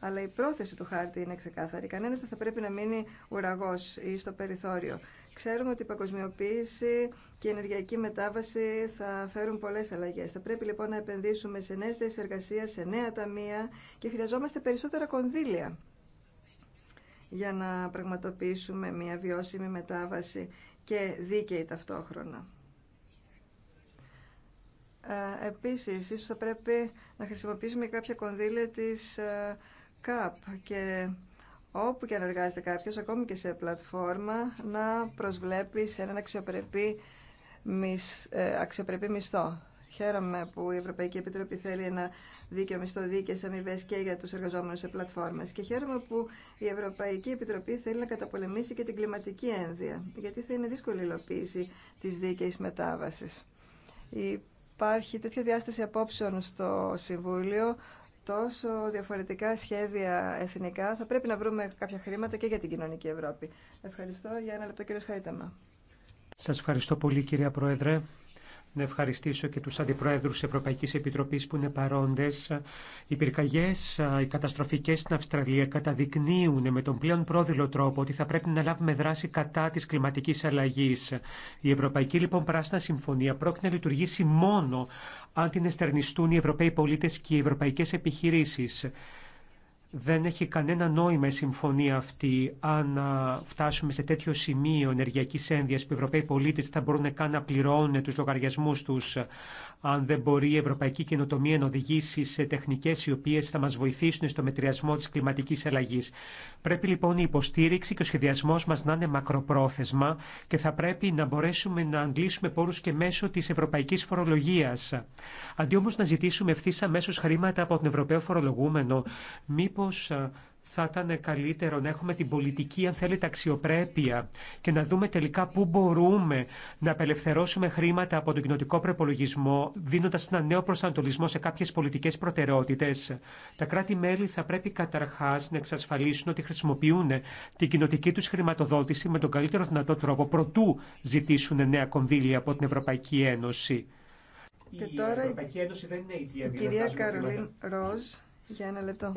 αλλά η πρόθεση του χάρτη είναι ξεκάθαρη. Κανένα δεν θα πρέπει να μείνει ουραγός ή στο περιθώριο. Ξέρουμε ότι η παγκοσμιοποίηση και η ενεργειακή μετάβαση θα φέρουν πολλές αλλαγές. Θα πρέπει λοιπόν να επενδύσουμε σε νέες θέσει σε νέα ταμεία και χρειαζόμαστε περισσότερα κονδύλια για να πραγματοποιήσουμε μια βιώσιμη μετάβαση και δίκαιη ταυτόχρονα. Ε, επίσης, ίσως θα πρέπει να χρησιμοποιήσουμε κάποια κονδύλια της ε, ΚΑΠ και όπου και αν εργάζεται κάποιος, ακόμη και σε πλατφόρμα, να προσβλέπει σε έναν αξιοπρεπή, ε, αξιοπρεπή μισθό. Χαίρομαι που η Ευρωπαϊκή Επιτροπή θέλει ένα δίκαιο μισθό, δίκαιε αμοιβέ και για του εργαζόμενου σε πλατφόρμες Και χαίρομαι που η Ευρωπαϊκή Επιτροπή θέλει να καταπολεμήσει και την κλιματική ένδυα, γιατί θα είναι δύσκολη η υλοποίηση τη δίκαιη μετάβαση υπάρχει τέτοια διάσταση απόψεων στο Συμβούλιο, τόσο διαφορετικά σχέδια εθνικά, θα πρέπει να βρούμε κάποια χρήματα και για την κοινωνική Ευρώπη. Ευχαριστώ. Για ένα λεπτό, κύριο Χαϊτάμα. Σας ευχαριστώ πολύ, κυρία Πρόεδρε να ευχαριστήσω και τους αντιπροέδρους της Ευρωπαϊκής Επιτροπής που είναι παρόντες. Οι πυρκαγιές, οι καταστροφικές στην Αυστραλία καταδεικνύουν με τον πλέον πρόδειλο τρόπο ότι θα πρέπει να λάβουμε δράση κατά της κλιματικής αλλαγής. Η Ευρωπαϊκή λοιπόν Πράσινα Συμφωνία πρόκειται να λειτουργήσει μόνο αν την εστερνιστούν οι Ευρωπαίοι πολίτες και οι ευρωπαϊκές επιχειρήσεις δεν έχει κανένα νόημα η συμφωνία αυτή αν φτάσουμε σε τέτοιο σημείο ενεργειακή ένδυα που οι Ευρωπαίοι πολίτε θα μπορούν καν να πληρώνουν του λογαριασμού του αν δεν μπορεί η ευρωπαϊκή καινοτομία να οδηγήσει σε τεχνικέ οι οποίε θα μα βοηθήσουν στο μετριασμό τη κλιματική αλλαγή. Πρέπει λοιπόν η υποστήριξη και ο σχεδιασμό μα να είναι μακροπρόθεσμα και θα πρέπει να μπορέσουμε να αντλήσουμε πόρου και μέσω τη ευρωπαϊκή φορολογία. Αντί όμω να ζητήσουμε ευθύ αμέσω χρήματα από τον Ευρωπαίο φορολογούμενο, μήπω θα ήταν καλύτερο να έχουμε την πολιτική, αν θέλετε, αξιοπρέπεια και να δούμε τελικά πού μπορούμε να απελευθερώσουμε χρήματα από τον κοινοτικό προπολογισμό, δίνοντα ένα νέο προσανατολισμό σε κάποιε πολιτικέ προτεραιότητε. Τα κράτη-μέλη θα πρέπει καταρχά να εξασφαλίσουν ότι χρησιμοποιούν την κοινοτική του χρηματοδότηση με τον καλύτερο δυνατό τρόπο, προτού ζητήσουν νέα κονδύλια από την Ευρωπαϊκή Ένωση. Και η, Ευρωπαϊκή Ένωση δεν είναι η, η κυρία Καρολίν για ένα λεπτό.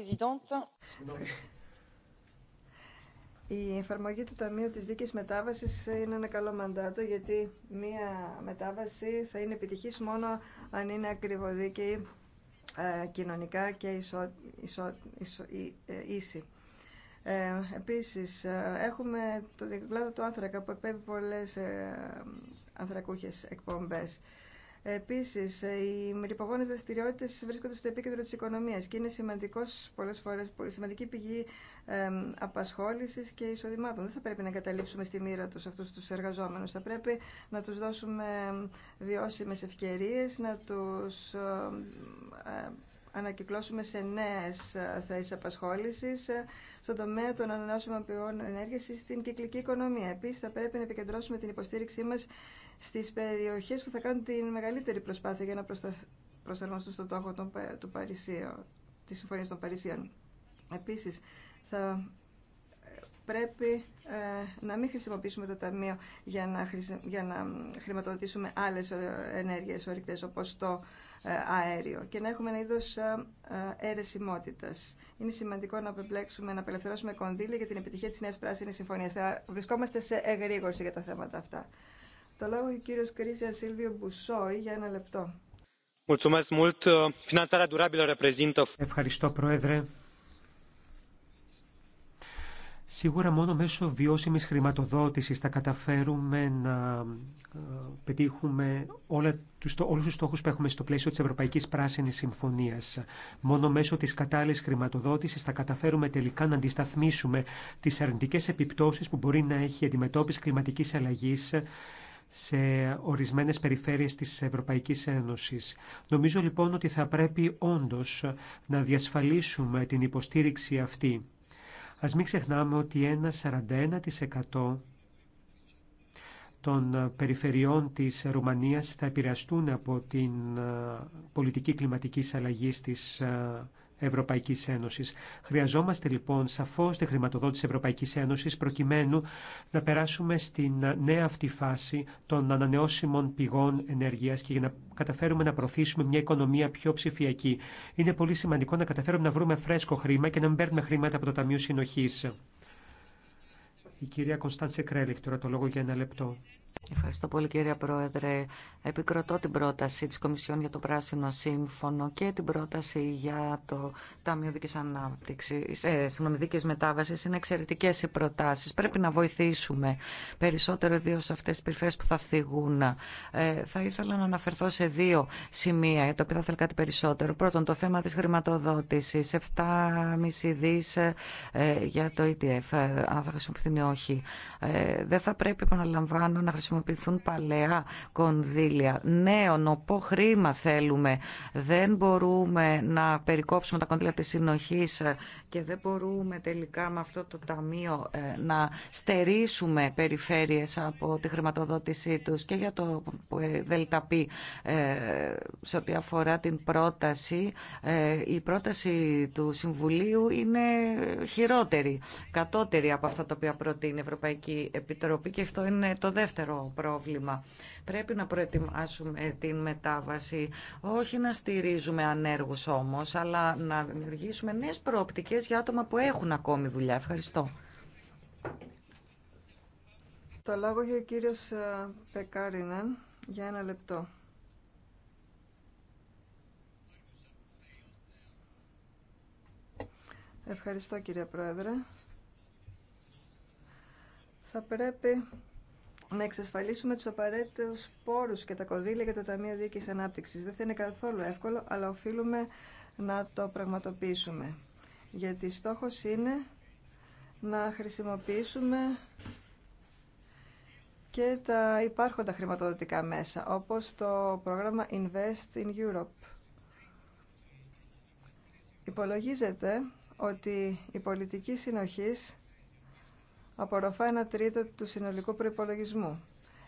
Η εφαρμογή του Ταμείου της Δίκης Μετάβασης είναι ένα καλό μαντάτο γιατί μία μετάβαση θα είναι επιτυχής μόνο αν είναι ακριβοδίκαιη ε, κοινωνικά και ισο, ισο, ε, ίση. Ε, επίσης, ε, έχουμε το κλάδο του άνθρακα που εκπέμπει πολλές ε, ανθρακούχες εκπομπές. Επίσης, ε, οι μερυπογόνε δραστηριότητε βρίσκονται στο επίκεντρο της οικονομίας και είναι σημαντικός, πολλές φορές, σημαντική πηγή ε, απασχόλησης και εισοδημάτων. Δεν θα πρέπει να καταλήψουμε στη μοίρα τους αυτούς τους εργαζόμενους. Θα πρέπει να τους δώσουμε βιώσιμες ευκαιρίες, να τους ε, ανακυκλώσουμε σε νέες ε, θέσει απασχόληση ε, στον τομέα των ανανεώσιμων πηγών ενέργεια ή στην κυκλική οικονομία. Επίσης, θα πρέπει να επικεντρώσουμε την υποστήριξή μας στις περιοχές που θα κάνουν την μεγαλύτερη προσπάθεια για να προσαρμοστούν στον τόχο ε, του Παρισίου, τη Συμφωνία των Παρισίων. Επίσης, θα πρέπει ε, να μην χρησιμοποιήσουμε το Ταμείο για να, για να χρηματοδοτήσουμε άλλες ε, ενέργειες ορυκτές όπως το ε, αέριο και να έχουμε ένα είδος αιρεσιμότητας. Είναι σημαντικό να απεμπλέξουμε, να απελευθερώσουμε κονδύλια για την επιτυχία της Νέας Πράσινης Συμφωνίας. Θα βρισκόμαστε σε εγρήγορση για τα θέματα αυτά. Το λόγο ο κύριος Κρίστιαν Σίλβιο Μπουσόη για ένα λεπτό. Ευχαριστώ, Πρόεδρε. Σίγουρα μόνο μέσω βιώσιμης χρηματοδότησης θα καταφέρουμε να ε, πετύχουμε όλα τους, όλους τους στόχους που έχουμε στο πλαίσιο της Ευρωπαϊκής Πράσινης Συμφωνίας. Μόνο μέσω της κατάλληλης χρηματοδότησης θα καταφέρουμε τελικά να αντισταθμίσουμε τις αρνητικές επιπτώσεις που μπορεί να έχει η αντιμετώπιση κλιματικής αλλαγής σε ορισμένες περιφέρειες της Ευρωπαϊκής Ένωσης. Νομίζω λοιπόν ότι θα πρέπει όντως να διασφαλίσουμε την υποστήριξη αυτή Ας μην ξεχνάμε ότι ένα 41% των περιφερειών της Ρουμανίας θα επηρεαστούν από την ε, πολιτική κλιματικής αλλαγής της ε, Ευρωπαϊκή Ένωση. Χρειαζόμαστε λοιπόν σαφώ τη χρηματοδότηση Ευρωπαϊκή Ένωση προκειμένου να περάσουμε στην νέα αυτή φάση των ανανεώσιμων πηγών ενέργεια και για να καταφέρουμε να προωθήσουμε μια οικονομία πιο ψηφιακή. Είναι πολύ σημαντικό να καταφέρουμε να βρούμε φρέσκο χρήμα και να μην παίρνουμε χρήματα από το Ταμείο Συνοχή. Η κυρία Κωνσταντσε Κρέλιχ, τώρα το λόγο για ένα λεπτό. Ευχαριστώ πολύ κύριε Πρόεδρε. Επικροτώ την πρόταση της Κομισιόν για το Πράσινο Σύμφωνο και την πρόταση για το Ταμείο Δικής Ανάπτυξης, ε, Δίκης Μετάβασης. Είναι εξαιρετικές οι προτάσεις. Πρέπει να βοηθήσουμε περισσότερο δύο σε αυτές τις περιφέρειες που θα θυγούν. Ε, θα ήθελα να αναφερθώ σε δύο σημεία, για τα οποία θα ήθελα κάτι περισσότερο. Πρώτον, το θέμα της χρηματοδότησης. 7,5 δις ε, για το ETF, ε, αν θα χρησιμοποιηθεί ή όχι. Ε, δεν θα πρέπει, επαναλαμβάνω, να χρησιμοποιηθούν παλαιά κονδύλια. Νέο ναι, νοπό χρήμα θέλουμε. Δεν μπορούμε να περικόψουμε τα κονδύλια της συνοχής και δεν μπορούμε τελικά με αυτό το ταμείο ε, να στερήσουμε περιφέρειες από τη χρηματοδότησή τους και για το ε, ΔΕΛΤΑΠΗ ε, σε ό,τι αφορά την πρόταση. Η πρόταση του Συμβουλίου είναι χειρότερη, κατώτερη από αυτά τα οποία προτείνει η Ευρωπαϊκή Επιτροπή και αυτό είναι το δεύτερο πρόβλημα. Πρέπει να προετοιμάσουμε την μετάβαση, όχι να στηρίζουμε ανέργους όμως, αλλά να δημιουργήσουμε νέες προοπτικές για άτομα που έχουν ακόμη δουλειά. Ευχαριστώ. Το λόγο για ο κύριος ε, για ένα λεπτό. Ευχαριστώ κύριε Πρόεδρε. Θα πρέπει να εξασφαλίσουμε τους απαραίτητους πόρους και τα κονδύλια για το Ταμείο Δίκης Ανάπτυξης. Δεν θα είναι καθόλου εύκολο, αλλά οφείλουμε να το πραγματοποιήσουμε. Γιατί στόχος είναι να χρησιμοποιήσουμε και τα υπάρχοντα χρηματοδοτικά μέσα, όπως το πρόγραμμα Invest in Europe. Υπολογίζεται ότι η πολιτική συνοχής απορροφά ένα τρίτο του συνολικού προϋπολογισμού.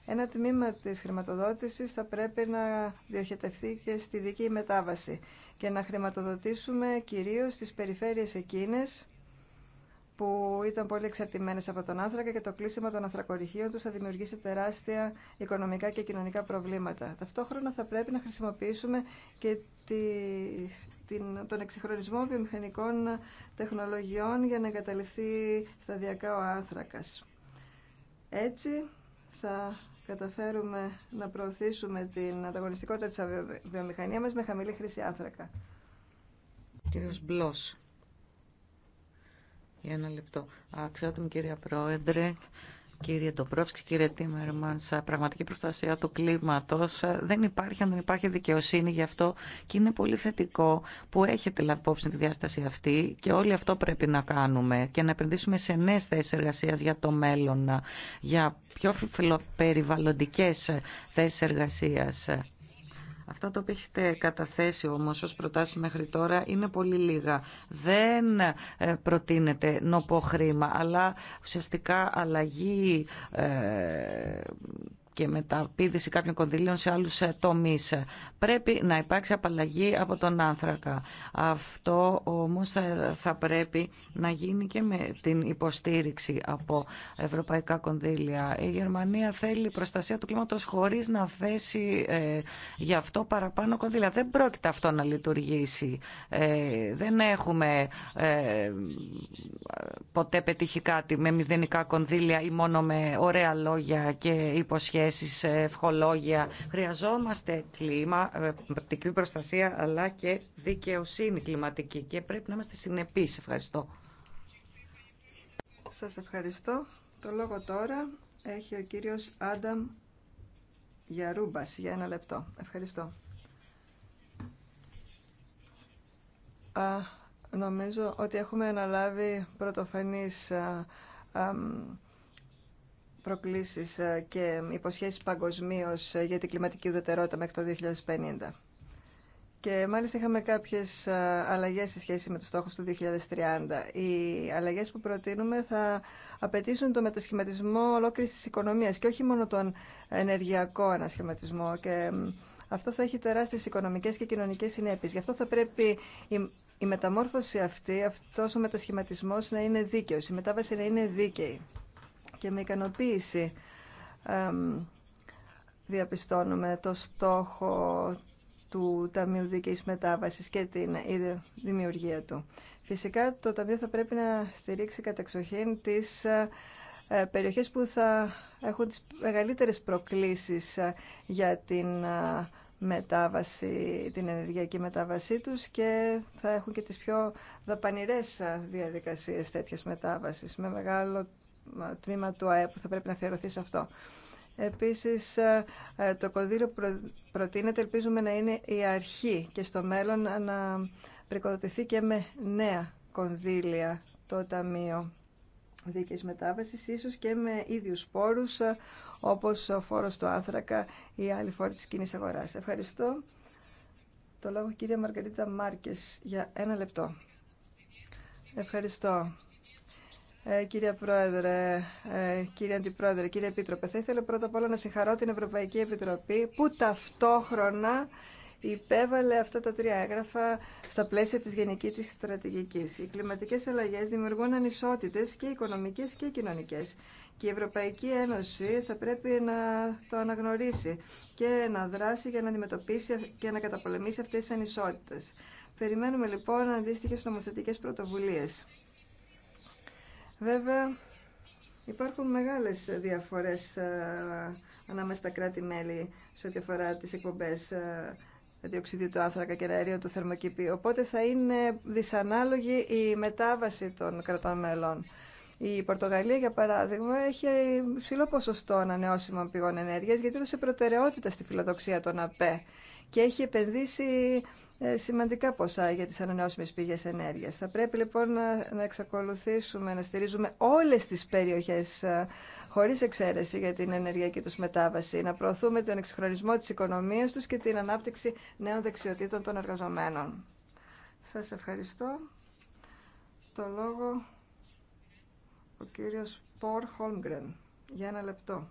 Ένα τμήμα της χρηματοδότησης θα πρέπει να διοχετευτεί και στη δική μετάβαση και να χρηματοδοτήσουμε κυρίως τις περιφέρειες εκείνες που ήταν πολύ εξαρτημένε από τον άνθρακα και το κλείσιμο των ανθρακοριχείων του θα δημιουργήσει τεράστια οικονομικά και κοινωνικά προβλήματα. Ταυτόχρονα θα πρέπει να χρησιμοποιήσουμε και τη, την, τον εξυγχρονισμό βιομηχανικών τεχνολογιών για να εγκαταληφθεί σταδιακά ο άνθρακα. Έτσι θα καταφέρουμε να προωθήσουμε την ανταγωνιστικότητα της βιομηχανίας μας με χαμηλή χρήση άνθρακα. Κύριος Μπλος. Για ένα λεπτό. Αξιότιμη κυρία Πρόεδρε, κύριε Ντομπρόφσκι, κύριε Τίμερμαν, πραγματική προστασία του κλίματο δεν υπάρχει αν δεν υπάρχει δικαιοσύνη γι' αυτό και είναι πολύ θετικό που έχετε λάβει υπόψη τη διάσταση αυτή και όλοι αυτό πρέπει να κάνουμε και να επενδύσουμε σε νέε θέσει εργασία για το μέλλον, για πιο φιλοπεριβαλλοντικέ θέσει εργασία. Αυτά τα οποία έχετε καταθέσει όμως ως προτάσεις μέχρι τώρα είναι πολύ λίγα. Δεν ε, προτείνεται νοπό χρήμα, αλλά ουσιαστικά αλλαγή ε, και μεταπίδηση κάποιων κονδυλίων σε άλλους ε, τομείς. Πρέπει να υπάρξει απαλλαγή από τον άνθρακα. Αυτό όμως θα πρέπει να γίνει και με την υποστήριξη από ευρωπαϊκά κονδύλια. Η Γερμανία θέλει προστασία του κλίματος χωρίς να θέσει ε, γι' αυτό παραπάνω κονδύλια. Δεν πρόκειται αυτό να λειτουργήσει. Ε, δεν έχουμε ποτέ πετύχει κάτι με μηδενικά κονδύλια ή μόνο με ωραία λόγια και υποσχέσεις σε ε, ευχολόγια. Χρειαζόμαστε κλίμα, ε, πρακτική προστασία, αλλά και δικαιοσύνη κλιματική και πρέπει να είμαστε συνεπεί. Ευχαριστώ. Σα ευχαριστώ. Το λόγο τώρα έχει ο κύριος Άνταμ Γιαρούμπα για ένα λεπτό. Ευχαριστώ. Α, νομίζω ότι έχουμε αναλάβει πρωτοφανείς α, προκλήσεις ε, και υποσχέσεις παγκοσμίω ε, για την κλιματική ουδετερότητα μέχρι το 2050. Και μάλιστα είχαμε κάποιε αλλαγέ σε σχέση με του στόχου του 2030. Οι αλλαγέ που προτείνουμε θα απαιτήσουν το μετασχηματισμό ολόκληρη τη οικονομία και όχι μόνο τον ενεργειακό ανασχηματισμό. Και αυτό θα έχει τεράστιες οικονομικές και κοινωνικές συνέπειες. Γι' αυτό θα πρέπει η μεταμόρφωση αυτή, αυτός ο μετασχηματισμός να είναι δίκαιος, η μετάβαση να είναι δίκαιη και με ικανοποίηση διαπιστώνουμε το στόχο του Ταμείου Δικής Μετάβασης και την δημιουργία του. Φυσικά το Ταμείο θα πρέπει να στηρίξει κατεξοχήν τις ε, ε, περιοχές που θα έχουν τις μεγαλύτερες προκλήσεις ε, για την μετάβαση, την ενεργειακή μετάβασή τους και θα έχουν και τις πιο δαπανηρές διαδικασίες τέτοιας μετάβασης με μεγάλο τμήμα του ΑΕΠ που θα πρέπει να αφιερωθεί σε αυτό. Επίσης, ε, ε, το κονδύλιο που προτείνεται ελπίζουμε να είναι η αρχή και στο μέλλον να πρικοδοτηθεί και με νέα κονδύλια το Ταμείο Δίκαιης Μετάβασης, ίσως και με ίδιους πόρους ε, όπως ο φόρος του άνθρακα ή άλλοι φόροι της κοινής αγοράς. Ευχαριστώ. Το λόγο κυρία Μαργαρίτα Μάρκες για ένα λεπτό. Ευχαριστώ. Ε, κύριε Πρόεδρε, ε, κύριε Αντιπρόεδρε, κύριε Επίτροπε, θα ήθελα πρώτα απ' όλα να συγχαρώ την Ευρωπαϊκή Επιτροπή που ταυτόχρονα υπέβαλε αυτά τα τρία έγγραφα στα πλαίσια της γενικής της στρατηγικής. Οι κλιματικές αλλαγές δημιουργούν ανισότητες και οικονομικές και κοινωνικές. Και η Ευρωπαϊκή Ένωση θα πρέπει να το αναγνωρίσει και να δράσει για να αντιμετωπίσει και να καταπολεμήσει αυτές τις ανισότητες. Περιμένουμε λοιπόν αντίστοιχε νομοθετικές πρωτοβουλίες. Βέβαια, υπάρχουν μεγάλες διαφορές ε, ανάμεσα στα κράτη-μέλη σε ό,τι αφορά τις εκπομπές ε, διοξιδίου του άνθρακα και αερίου του θερμοκηπίου. Οπότε θα είναι δυσανάλογη η μετάβαση των κρατών μελών. Η Πορτογαλία, για παράδειγμα, έχει ψηλό ποσοστό ανανεώσιμων πηγών ενέργειας γιατί έδωσε προτεραιότητα στη φιλοδοξία των ΑΠΕ και έχει επενδύσει ε, σημαντικά ποσά για τις ανανεώσιμες πηγές ενέργειας. Θα πρέπει λοιπόν να, να εξακολουθήσουμε να στηρίζουμε όλες τις περιοχές ε, χωρίς εξαίρεση για την ενεργειακή τους μετάβαση, να προωθούμε τον εξυγχρονισμό της οικονομίας τους και την ανάπτυξη νέων δεξιοτήτων των εργαζομένων. Σας ευχαριστώ. Το λόγο ο κύριος Πορ Χόλμγκρεν. Για ένα λεπτό.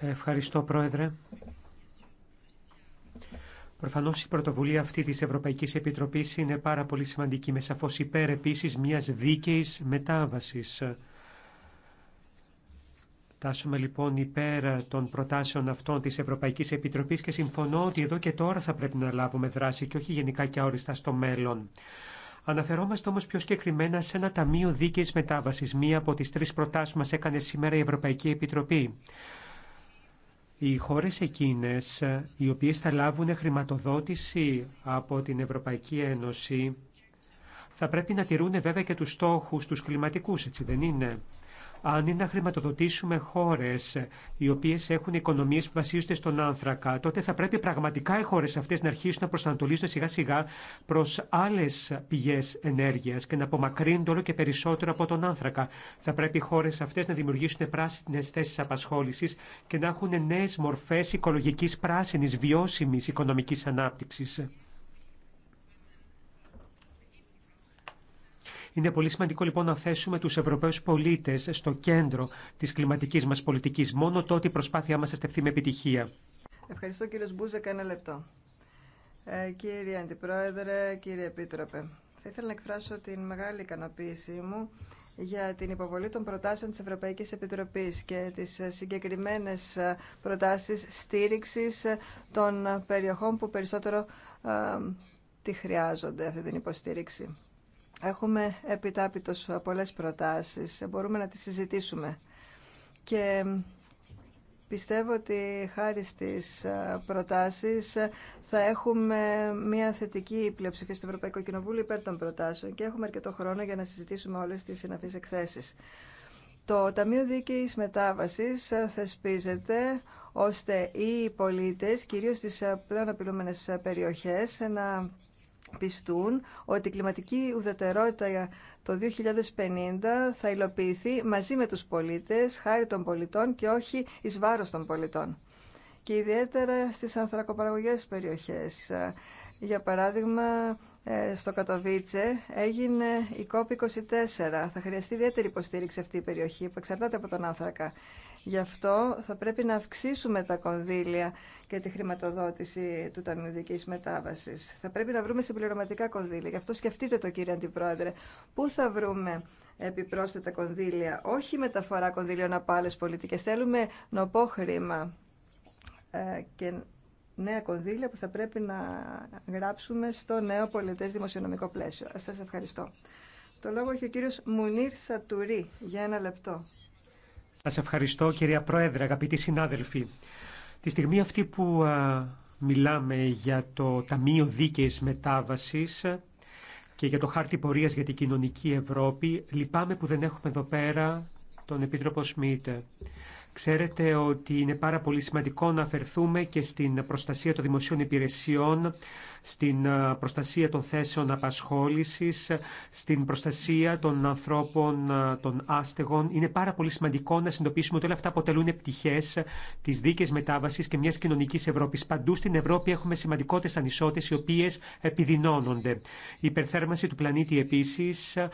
Ευχαριστώ, Πρόεδρε. Προφανώ η πρωτοβουλία αυτή τη Ευρωπαϊκή Επιτροπή είναι πάρα πολύ σημαντική, με σαφώ υπέρ επίση μια δίκαιη μετάβαση. Τάσουμε λοιπόν υπέρ των προτάσεων αυτών της Ευρωπαϊκής Επιτροπής και συμφωνώ ότι εδώ και τώρα θα πρέπει να λάβουμε δράση και όχι γενικά και αόριστα στο μέλλον. Αναφερόμαστε όμω πιο συγκεκριμένα σε ένα ταμείο δίκαιη μετάβαση, μία από τι τρει προτάσει που μα έκανε σήμερα η Ευρωπαϊκή Επιτροπή. Οι χώρες εκείνες οι οποίες θα λάβουν χρηματοδότηση από την Ευρωπαϊκή Ένωση θα πρέπει να τηρούν βέβαια και τους στόχους τους κλιματικούς, έτσι δεν είναι αν είναι να χρηματοδοτήσουμε χώρες οι οποίες έχουν οικονομίες που βασίζονται στον άνθρακα, τότε θα πρέπει πραγματικά οι χώρες αυτές να αρχίσουν να προσανατολίζονται σιγά σιγά προς άλλες πηγές ενέργειας και να απομακρύνουν όλο και περισσότερο από τον άνθρακα. Θα πρέπει οι χώρες αυτές να δημιουργήσουν πράσινε θέσει απασχόληση και να έχουν νέε μορφέ οικολογική πράσινη βιώσιμη οικονομική ανάπτυξη. Είναι πολύ σημαντικό λοιπόν να θέσουμε του Ευρωπαίου πολίτε στο κέντρο τη κλιματική μα πολιτική. Μόνο τότε η προσπάθειά μα θα στεφθεί με επιτυχία. Ευχαριστώ κύριο Μπούζεκ. Ένα λεπτό. Ε, κύριε Αντιπρόεδρε, κύριε Επίτροπε, θα ήθελα να εκφράσω την μεγάλη ικανοποίησή μου για την υποβολή των προτάσεων της Ευρωπαϊκής Επιτροπής και τις συγκεκριμένες προτάσεις στήριξης των περιοχών που περισσότερο ε, τη χρειάζονται αυτή την υποστήριξη. Έχουμε επιτάπητος πολλές προτάσεις, μπορούμε να τις συζητήσουμε. Και πιστεύω ότι χάρη στις προτάσεις θα έχουμε μια θετική πλειοψηφία στο Ευρωπαϊκό Κοινοβούλιο υπέρ των προτάσεων και έχουμε αρκετό χρόνο για να συζητήσουμε όλες τις συναφείς εκθέσεις. Το Ταμείο Δίκαιης Μετάβασης θεσπίζεται ώστε οι πολίτες, κυρίως στις πλέον απειλούμενες περιοχές, να πιστούν ότι η κλιματική ουδετερότητα το 2050 θα υλοποιηθεί μαζί με τους πολίτες, χάρη των πολιτών και όχι εις βάρος των πολιτών. Και ιδιαίτερα στις ανθρακοπαραγωγές περιοχές. Για παράδειγμα, ε, στο Κατοβίτσε έγινε η COP24. Θα χρειαστεί ιδιαίτερη υποστήριξη αυτή η περιοχή που εξαρτάται από τον άνθρακα. Γι' αυτό θα πρέπει να αυξήσουμε τα κονδύλια και τη χρηματοδότηση του Ταμείου μετάβαση. Μετάβασης. Θα πρέπει να βρούμε συμπληρωματικά κονδύλια. Γι' αυτό σκεφτείτε το κύριε Αντιπρόεδρε. Πού θα βρούμε επιπρόσθετα κονδύλια, όχι μεταφορά κονδύλιων από άλλε πολιτικές. Θέλουμε νοπό χρήμα ε, και νέα κονδύλια που θα βρουμε επιπροσθετα κονδυλια οχι μεταφορα κονδυλιων απο αλλε πολιτικε θελουμε νοπο χρημα και νεα κονδυλια που θα πρεπει να γράψουμε στο νέο πολιτές δημοσιονομικό πλαίσιο. Σας ευχαριστώ. Το λόγο έχει ο κύριος Μουνίρ Σατουρί για ένα λεπτό. Σας ευχαριστώ κυρία Πρόεδρε, αγαπητοί συνάδελφοι. Τη στιγμή αυτή που μιλάμε για το Ταμείο Δίκαιης Μετάβασης και για το χάρτη πορεία για την κοινωνική Ευρώπη, λυπάμαι που δεν έχουμε εδώ πέρα τον Επίτροπο Σμίτ. Ξέρετε ότι είναι πάρα πολύ σημαντικό να αφαιρθούμε και στην προστασία των δημοσίων υπηρεσιών στην ε, προστασία των θέσεων απασχόλησης, στην προστασία των ανθρώπων ε, των άστεγων. Είναι πάρα πολύ σημαντικό να συνειδητοποιήσουμε ότι όλα αυτά αποτελούν πτυχές της δίκαιης μετάβαση και μιας κοινωνικής Ευρώπης. Παντού στην Ευρώπη έχουμε σημαντικότερες ανισότητες οι οποίες επιδεινώνονται. Η υπερθέρμανση του πλανήτη επίσης ε,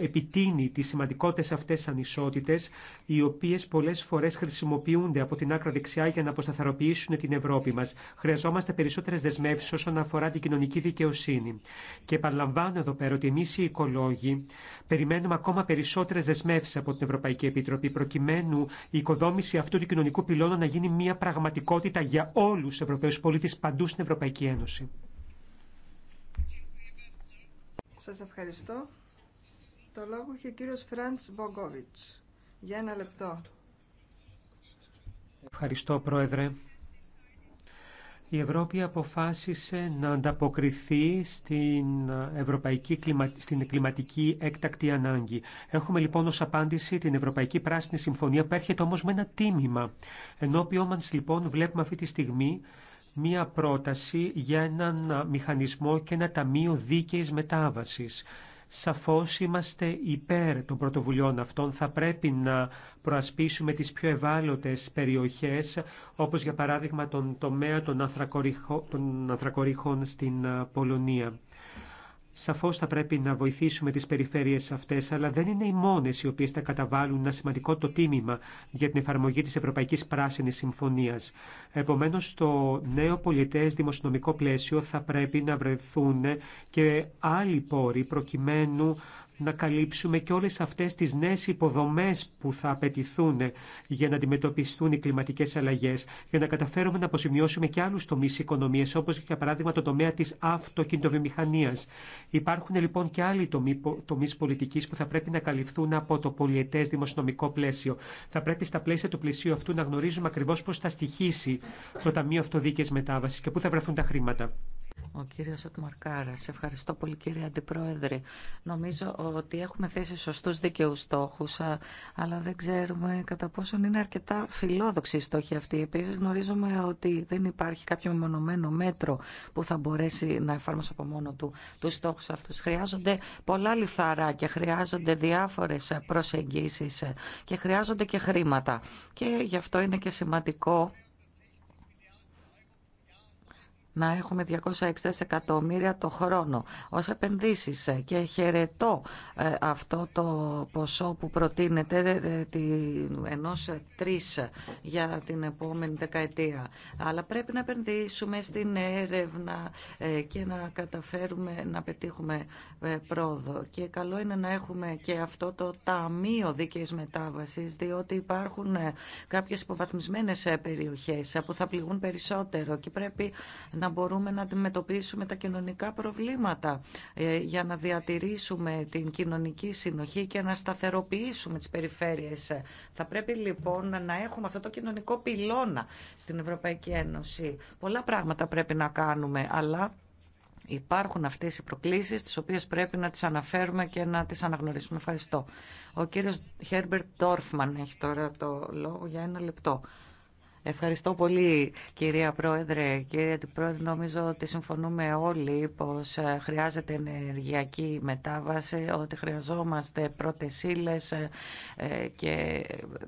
επιτείνει τι σημαντικότερε αυτέ ανισότητες οι οποίες πολλές φορές χρησιμοποιούνται από την άκρα δεξιά για να αποσταθεροποιήσουν την Ευρώπη μα. Χρειαζόμαστε περισσότερε δεσμεύσει όσον αφορά την κοινωνική δικαιοσύνη. Και επαναλαμβάνω εδώ πέρα ότι εμεί οι οικολόγοι περιμένουμε ακόμα περισσότερε δεσμεύσει από την Ευρωπαϊκή Επιτροπή, προκειμένου η οικοδόμηση αυτού του κοινωνικού πυλώνα να γίνει μια πραγματικότητα για όλου του Ευρωπαίου πολίτε παντού στην Ευρωπαϊκή Ένωση. Σα ευχαριστώ. Το λόγο έχει ο κύριο Φραντ Μπογκόβιτ. Για ένα λεπτό. Ευχαριστώ, Πρόεδρε η Ευρώπη αποφάσισε να ανταποκριθεί στην, ε, ευρωπαϊκή, στην κλιματική έκτακτη ανάγκη. Έχουμε λοιπόν ως απάντηση την Ευρωπαϊκή Πράσινη Συμφωνία που έρχεται όμως με ένα τίμημα. Ενώπιό μας λοιπόν βλέπουμε αυτή τη στιγμή μία πρόταση για έναν μηχανισμό και ένα ταμείο δίκαιης μετάβασης. Σαφώς είμαστε υπέρ των πρωτοβουλειών αυτών. Θα πρέπει να προασπίσουμε τις πιο ευάλωτες περιοχές, όπως για παράδειγμα τον τομέα των ανθρακοριχών στην ε, Πολωνία. Σαφώ θα πρέπει να βοηθήσουμε τις περιφέρειες αυτές, αλλά δεν είναι οι μόνες οι οποίες θα καταβάλουν ένα σημαντικό το τίμημα για την εφαρμογή της Ευρωπαϊκής Πράσινης Συμφωνίας. Επομένω, το νέο πολιτέ δημοσιονομικό πλαίσιο θα πρέπει να βρεθούν και άλλοι πόροι προκειμένου να καλύψουμε και όλες αυτές τις νέες υποδομές που θα απαιτηθούν για να αντιμετωπιστούν οι κλιματικές αλλαγές, για να καταφέρουμε να αποζημιώσουμε και άλλους τομείς οικονομίας, όπως για παράδειγμα το τομέα της αυτοκινητοβιομηχανίας. Υπάρχουν λοιπόν και άλλοι τομείς πολιτικής που θα πρέπει να καλυφθούν από το πολιετές δημοσιονομικό πλαίσιο. Θα πρέπει στα πλαίσια του πλαισίου αυτού να γνωρίζουμε ακριβώς πώς θα στοιχήσει το Ταμείο Αυτοδίκαιης Μετάβασης και πού θα βρεθούν τα χρήματα. Ο κύριος Ατμαρκάρας. σε ευχαριστώ πολύ κύριε Αντιπρόεδρε. Νομίζω ότι έχουμε θέσει σωστούς δικαιούς στόχους, αλλά δεν ξέρουμε κατά πόσον είναι αρκετά φιλόδοξη η στόχη αυτή. Επίσης γνωρίζουμε ότι δεν υπάρχει κάποιο μονομένο μέτρο που θα μπορέσει να εφάρμοσει από μόνο του τους στόχους αυτούς. Χρειάζονται πολλά λιθαρά και χρειάζονται διάφορες προσεγγίσεις ε, και χρειάζονται και χρήματα. Και γι' αυτό είναι και σημαντικό να έχουμε 260 εκατομμύρια το χρόνο ως επενδύσεις και χαιρετώ ε, αυτό το ποσό που προτείνεται ε, ε, ενός τρεις για την επόμενη δεκαετία. Αλλά πρέπει να επενδύσουμε στην έρευνα και να καταφέρουμε να πετύχουμε πρόοδο. Και καλό είναι να έχουμε και αυτό το Ταμείο Δίκαιης Μετάβασης, διότι υπάρχουν κάποιες υποβαθμισμένες περιοχές που θα πληγούν περισσότερο και πρέπει να να μπορούμε να αντιμετωπίσουμε τα κοινωνικά προβλήματα, ε, για να διατηρήσουμε την κοινωνική συνοχή και να σταθεροποιήσουμε τις περιφέρειες. Θα πρέπει λοιπόν να έχουμε αυτό το κοινωνικό πυλώνα στην Ευρωπαϊκή Ένωση. Πολλά πράγματα πρέπει να κάνουμε, αλλά υπάρχουν αυτές οι προκλήσεις τις οποίες πρέπει να τις αναφέρουμε και να τις αναγνωρίσουμε. Ευχαριστώ. Ο κύριος Χέρμπερτ Τόρφμαν έχει τώρα το λόγο για ένα λεπτό. Ευχαριστώ πολύ κυρία Πρόεδρε. Κύριε Πρόεδρε, νομίζω ότι συμφωνούμε όλοι πως ε, χρειάζεται ενεργειακή μετάβαση, ότι χρειαζόμαστε πρώτες ε, ε, και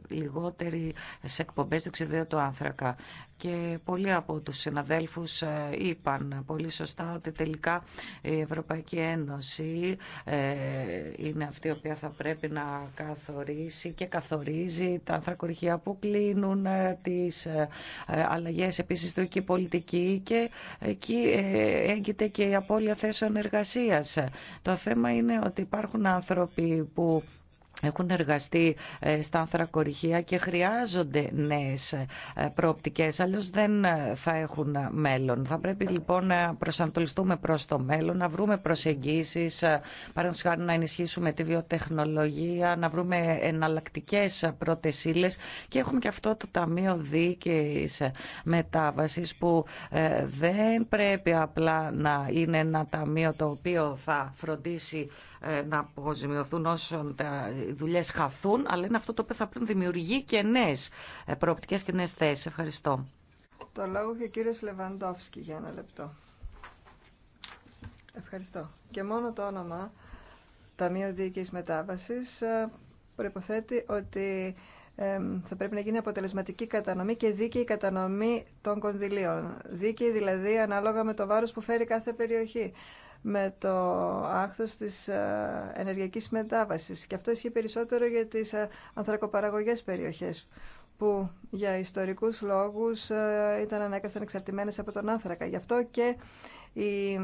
λιγότεροι σε εκπομπές του του άνθρακα και πολλοί από τους συναδέλφους ε, είπαν πολύ σωστά ότι τελικά η Ευρωπαϊκή Ένωση ε, είναι αυτή η οποία θα πρέπει να καθορίσει και καθορίζει τα ανθρακοριχεία που κλείνουν, ε, τις αλλαγές επίσης του πολιτική και εκεί έγκυται και η απώλεια θέσεων εργασίας. Το θέμα είναι ότι υπάρχουν άνθρωποι που έχουν εργαστεί ε, στα ανθρακοριχεία και χρειάζονται νέες ε, προοπτικές, αλλιώς δεν ε, θα έχουν μέλλον. Θα πρέπει λοιπόν να προσανατολιστούμε προς το μέλλον, να βρούμε προσεγγίσεις, παραδείγματος να ενισχύσουμε τη βιοτεχνολογία, να βρούμε εναλλακτικέ πρώτε και έχουμε και αυτό το Ταμείο Δίκαιης Μετάβασης που δεν πρέπει απλά να είναι ένα ταμείο το οποίο θα φροντίσει ε, να αποζημιωθούν όσων τα δουλειέ χαθούν, αλλά είναι αυτό το οποίο θα πρέπει να δημιουργεί και νέε προοπτικέ και νέε θέσει. Ευχαριστώ. Το λόγο και ο κύριο Λεβαντόφσκι για ένα λεπτό. Ευχαριστώ. Και μόνο το όνομα Ταμείο Δίκαιης Μετάβασης ε, προϋποθέτει ότι θα πρέπει να γίνει αποτελεσματική κατανομή και δίκαιη κατανομή των κονδυλίων. Δίκαιη δηλαδή ανάλογα με το βάρος που φέρει κάθε περιοχή με το άχθος της ε, ενεργειακής μετάβασης. Και αυτό ισχύει περισσότερο για τις ε, ανθρακοπαραγωγές περιοχές που για ιστορικούς λόγους ε, ήταν ανέκαθεν εξαρτημένες από τον άνθρακα. Γι' αυτό και η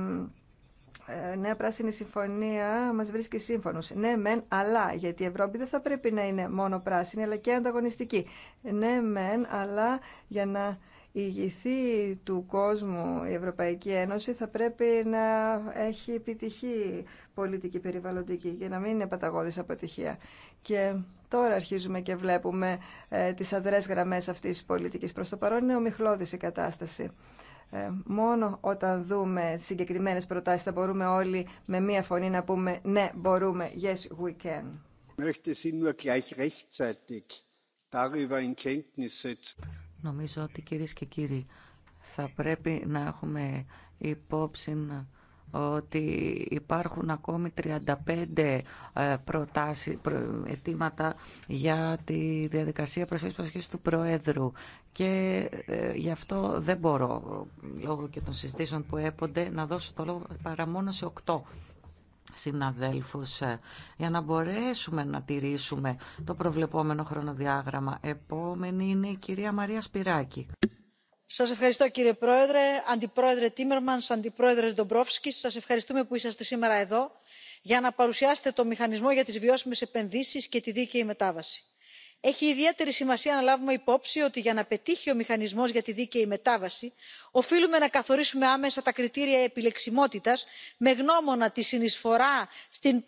Νέα Πράσινη Συμφωνία μας βρίσκει σύμφωνος. Ναι, μεν, αλλά, γιατί η Ευρώπη δεν θα πρέπει να είναι μόνο πράσινη, αλλά και ανταγωνιστική. Ναι, μεν, αλλά για να η ηγηθεί του κόσμου η Ευρωπαϊκή Ένωση θα πρέπει να έχει επιτυχή πολιτική περιβαλλοντική και να μην είναι παταγώδης αποτυχία. Και τώρα αρχίζουμε και βλέπουμε ε, τις αδρές γραμμές αυτής της πολιτικής. Προς το παρόν είναι ομιχλώδης η κατάσταση. Ε, μόνο όταν δούμε συγκεκριμένες προτάσεις θα μπορούμε όλοι με μία φωνή να πούμε «Ναι, μπορούμε, yes, we can». Νομίζω ότι κύριε και κύριοι θα πρέπει να έχουμε υπόψη ότι υπάρχουν ακόμη 35 ε, προτάσεις, ετήματα για τη διαδικασία προσέγγισης προσοχής του Προέδρου και ε, γι' αυτό δεν μπορώ λόγω και των συζητήσεων που έπονται να δώσω το λόγο παρά μόνο σε 8 συναδέλφους ε, για να μπορέσουμε να τηρήσουμε το προβλεπόμενο χρονοδιάγραμμα. Επόμενη είναι η κυρία Μαρία Σπυράκη. Σας ευχαριστώ κύριε Πρόεδρε, Αντιπρόεδρε Τίμερμανς, Αντιπρόεδρε Ντομπρόφσκης. Σας ευχαριστούμε που είσαστε σήμερα εδώ για να παρουσιάσετε το μηχανισμό για τις βιώσιμες επενδύσεις και τη δίκαιη μετάβαση έχει ιδιαίτερη σημασία να λάβουμε υπόψη ότι για να πετύχει ο μηχανισμός για τη δίκαιη μετάβαση οφείλουμε να καθορίσουμε άμεσα τα κριτήρια επιλεξιμότητας με γνώμονα τη συνεισφορά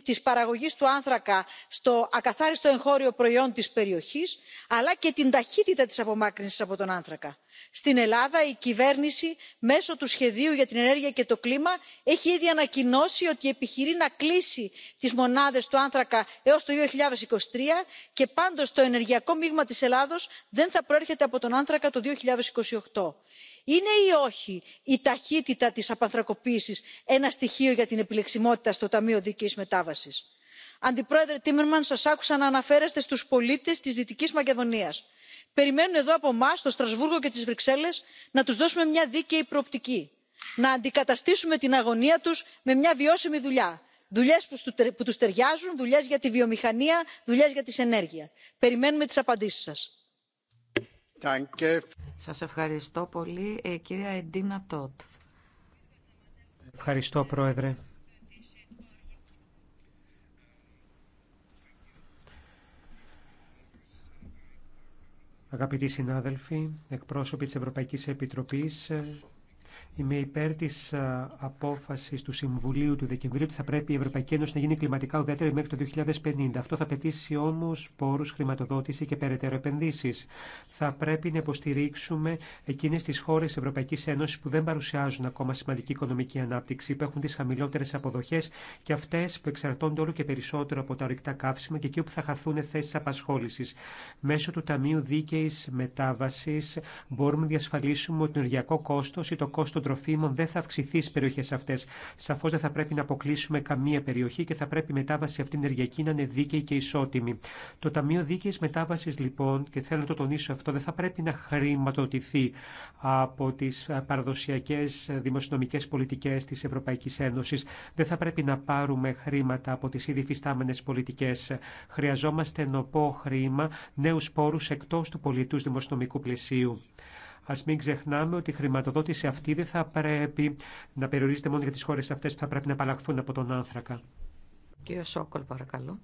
της παραγωγής του άνθρακα στο ακαθάριστο εγχώριο προϊόν της περιοχής αλλά και την ταχύτητα της απομάκρυνσης από τον άνθρακα στην ελλάδα η κυβέρνηση μέσω του σχεδίου για την ενέργεια και το κλίμα έχει ήδη ανακοινώσει ότι επιχειρεί να κλείσει τις μονάδες του άνθρακα έως το 2023 και πάντως το ενεργειακό μείγμα της ελλάδος δεν θα προέρχεται από τον άνθρακα το. 2028. ή όχι η ταχύτητα της απανθρακοποίησης ένα στοιχείο για την επιλεξιμότητα στο ταμείο δίκαιης μετάβασης; αντιπρόεδρε τίμερμανς σας άκουσα να αναφέρεστε στους πολίτες της δυτικής μακεδονίας. περιμένουν εδώ από εμάς στο στρασβούργο και τις βρυξέλλες να τους δώσουμε μια δίκαιη προοπτική να αντικαταστήσουμε την αγωνία τους με μια βιώσιμη δουλειά δουλειές που τους ταιριάζουν δουλειές για τη βιομηχανία δουλειές για τη ενέργεια. περιμένουμε τις απαντήσεις σας. Σας ευχαριστώ πολύ, ε, κυρία Εντίνα Τότ. Ευχαριστώ, Πρόεδρε. Αγαπητοί συνάδελφοι, εκπρόσωποι της Ευρωπαϊκής Επιτροπής, Είμαι υπέρ τη απόφαση του Συμβουλίου του Δεκεμβρίου ότι θα πρέπει η Ευρωπαϊκή Ένωση να γίνει κλιματικά ουδέτερη μέχρι το 2050. Αυτό θα απαιτήσει όμω πόρου, χρηματοδότηση και περαιτέρω επενδύσει. Θα πρέπει να υποστηρίξουμε εκείνε τι χώρε τη Ευρωπαϊκή Ένωση που δεν παρουσιάζουν ακόμα σημαντική οικονομική ανάπτυξη, που έχουν τι χαμηλότερε αποδοχέ και αυτέ που εξαρτώνται όλο και περισσότερο από τα ορυκτά καύσιμα και εκεί όπου θα χαθούν θέσει απασχόληση. Μέσω του Ταμείου Δίκαιη Μετάβαση μπορούμε να διασφαλίσουμε ότι το ενεργειακό κόστο ή το κόστο τροφίμων δεν θα αυξηθεί στι περιοχέ αυτέ. Σαφώ δεν θα πρέπει να αποκλείσουμε καμία περιοχή και θα πρέπει η μετάβαση αυτή ενεργειακή να είναι δίκαιη και ισότιμη. Το Ταμείο Δίκαιη Μετάβαση, λοιπόν, και θέλω να το τονίσω αυτό, δεν θα πρέπει να χρηματοδοτηθεί από τι παραδοσιακέ δημοσιονομικέ πολιτικέ τη Ευρωπαϊκή Ένωση. Δεν θα πρέπει να πάρουμε χρήματα από τι ήδη φυστάμενε πολιτικέ. Χρειαζόμαστε νοπό χρήμα, νέου πόρου εκτό του πολιτού δημοσιονομικού πλαισίου. Α μην ξεχνάμε ότι η χρηματοδότηση αυτή δεν θα πρέπει να περιορίζεται μόνο για τι χώρε αυτέ που θα πρέπει να απαλλαχθούν από τον άνθρακα. Κύριο Σόκολ, παρακαλώ.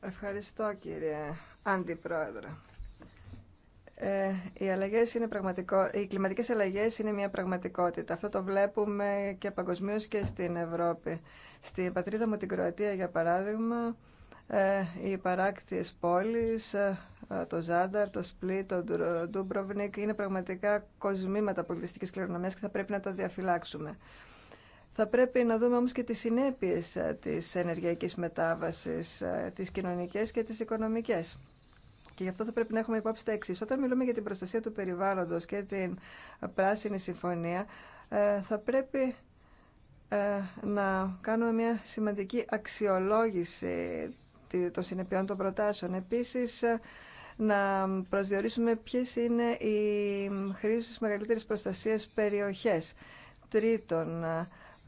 Ευχαριστώ, κύριε Αντιπρόεδρε. Ε, οι, αλλαγές είναι πραγματικό... οι κλιματικές αλλαγές είναι μια πραγματικότητα. Αυτό το βλέπουμε και παγκοσμίω και στην Ευρώπη. Στην πατρίδα μου την Κροατία, για παράδειγμα, ε, οι παράκτιες πόλεις ε, το Ζάνταρ, το Σπλί, το Ντούμπροβνικ είναι πραγματικά κοσμήματα πολιτιστική κληρονομιά και θα πρέπει να τα διαφυλάξουμε. Θα πρέπει να δούμε όμως και τις συνέπειες της ενεργειακής μετάβασης, τις κοινωνικές και τις οικονομικές. Και γι' αυτό θα πρέπει να έχουμε υπόψη τα εξή. Όταν μιλούμε για την προστασία του περιβάλλοντος και την πράσινη συμφωνία, ε, θα πρέπει ε, να κάνουμε μια σημαντική αξιολόγηση των συνεπειών των προτάσεων. Επίσης, ε, να προσδιορίσουμε ποιες είναι οι χρήσεις μεγαλύτερης προστασίας περιοχές. Τρίτον,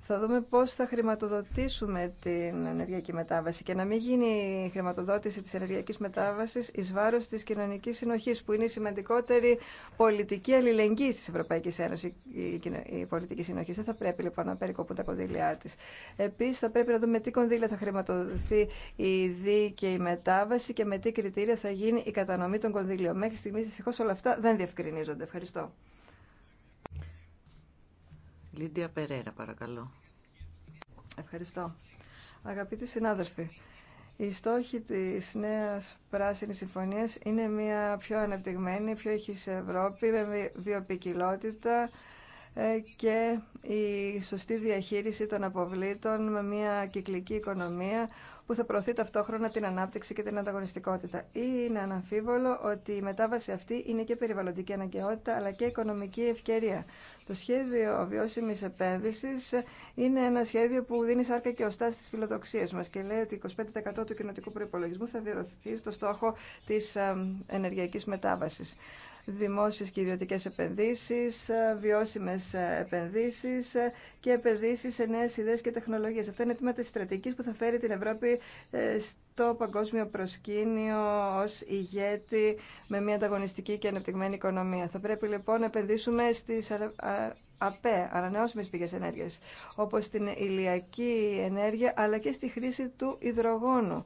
θα δούμε πώς θα χρηματοδοτήσουμε την ενεργειακή μετάβαση και να μην γίνει η χρηματοδότηση της ενεργειακής μετάβασης εις βάρος της κοινωνικής συνοχής, που είναι η σημαντικότερη πολιτική αλληλεγγύη της Ευρωπαϊκής Ένωσης, η πολιτική συνοχή. Δεν θα πρέπει λοιπόν να περικοπούν τα κονδύλια της. Επίσης θα πρέπει να δούμε τι κονδύλια θα χρηματοδοτηθεί η δίκαιη μετάβαση και με τι κριτήρια θα γίνει η κατανομή των κονδύλιων. Μέχρι στιγμή, δυστυχώς όλα αυτά δεν διευκρινίζονται. Ευχαριστώ. Λίντια Περέρα, παρακαλώ. Ευχαριστώ. Αγαπητοί συνάδελφοι, οι στόχοι της νέας πράσινης συμφωνίας είναι μια πιο αναπτυγμένη, πιο εχής Ευρώπη με βιοπικιλότητα, ε, και η σωστή διαχείριση των αποβλήτων με μια κυκλική οικονομία που θα προωθεί ταυτόχρονα την ανάπτυξη και την ανταγωνιστικότητα. η Είναι αναμφίβολο ότι η μετάβαση αυτή είναι και περιβαλλοντική αναγκαιότητα αλλά και οικονομική ευκαιρία. Το σχέδιο βιώσιμη επένδυση είναι ένα σχέδιο που δίνει σάρκα και οστά στι φιλοδοξίε μα και λέει ότι 25% του κοινοτικού προπολογισμού θα διορθωθεί στο στόχο τη ε, ενεργειακή μετάβαση δημόσιες και ιδιωτικές επενδύσεις, βιώσιμες επενδύσεις και επενδύσεις σε νέες ιδέες και τεχνολογίες. Αυτά είναι τμήματα στρατηγικής που θα φέρει την Ευρώπη ε, στο παγκόσμιο προσκήνιο ως ηγέτη με μια ανταγωνιστική και ανεπτυγμένη οικονομία. Θα πρέπει λοιπόν να επενδύσουμε στις ΑΠΕ, ανανεώσιμες πηγές ενέργειας, όπως την ηλιακή ενέργεια, αλλά και στη χρήση του υδρογόνου.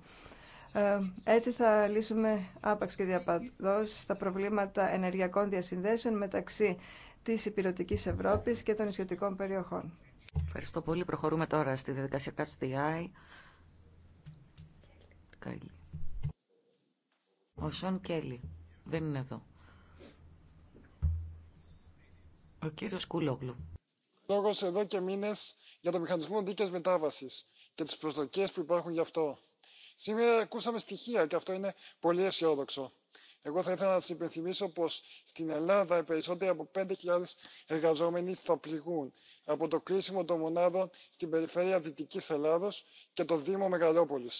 Ε, έτσι θα λύσουμε άπαξ και διαπαντός τα προβλήματα ενεργειακών διασυνδέσεων μεταξύ της υπηρετικής Ευρώπης και των ισιωτικών περιοχών. Ευχαριστώ πολύ. Προχωρούμε τώρα στη διαδικασία ΚΑΤΣΤΙΑΙ. Ο Σον Κέλλη δεν είναι εδώ. Ο κύριος Κούλογλου. Λόγος εδώ και μήνες για το μηχανισμό δίκαιας μετάβασης και τις προσδοκίες που υπάρχουν γι' αυτό Σήμερα ακούσαμε στοιχεία και αυτό είναι πολύ αισιόδοξο. Εγώ θα ήθελα να σα υπενθυμίσω πω στην Ελλάδα οι περισσότεροι από 5.000 εργαζόμενοι θα πληγούν από το κλείσιμο των μονάδων στην περιφέρεια Δυτική Ελλάδο και το Δήμο Μεγαλόπολη.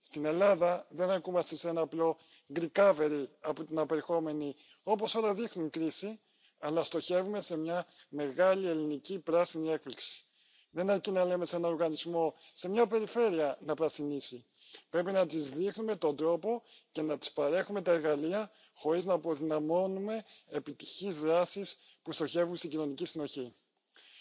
Στην Ελλάδα δεν ακούμαστε σε ένα απλό recovery από την απερχόμενη, όπω όλα δείχνουν, κρίση, αλλά στοχεύουμε σε μια μεγάλη ελληνική πράσινη έκπληξη. Δεν αρκεί να λέμε σε ένα οργανισμό, σε μια περιφέρεια να πρασινίσει πρέπει να τις δείχνουμε τον τρόπο και να τις παρέχουμε τα εργαλεία χωρίς να αποδυναμώνουμε επιτυχείς δράσεις που στοχεύουν στην κοινωνική συνοχή.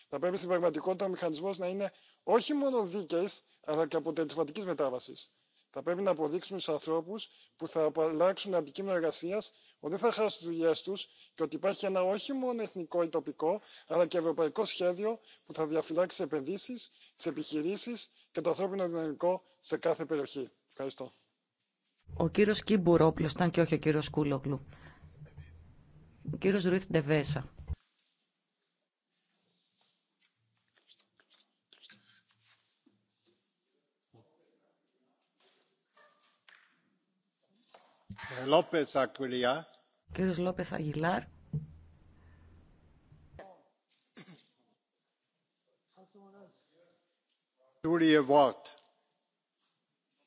Θα πρέπει στην πραγματικότητα ο μηχανισμός να είναι όχι μόνο δίκαιης, αλλά και αποτελεσματικής μετάβασης. Θα πρέπει να αποδείξουμε στους ανθρώπους που θα αλλάξουν αντικείμενο εργασίας ότι δεν θα χάσουν τι δουλειέ του και ότι υπάρχει ένα όχι μόνο εθνικό ή τοπικό αλλά και ευρωπαϊκό σχέδιο που θα διαφυλάξει τι επενδύσει, τι επιχειρήσει και το ανθρώπινο δυναμικό σε κάθε περιοχή. Ευχαριστώ. Ο κύριο Κίμπουρόπλο ήταν και όχι ο κύριο Κούλογλου. Ο κύριο Ρουίθ Ντεβέσα. Ε, Λόπες Λόπεθ Κύριος Αγγιλάρ.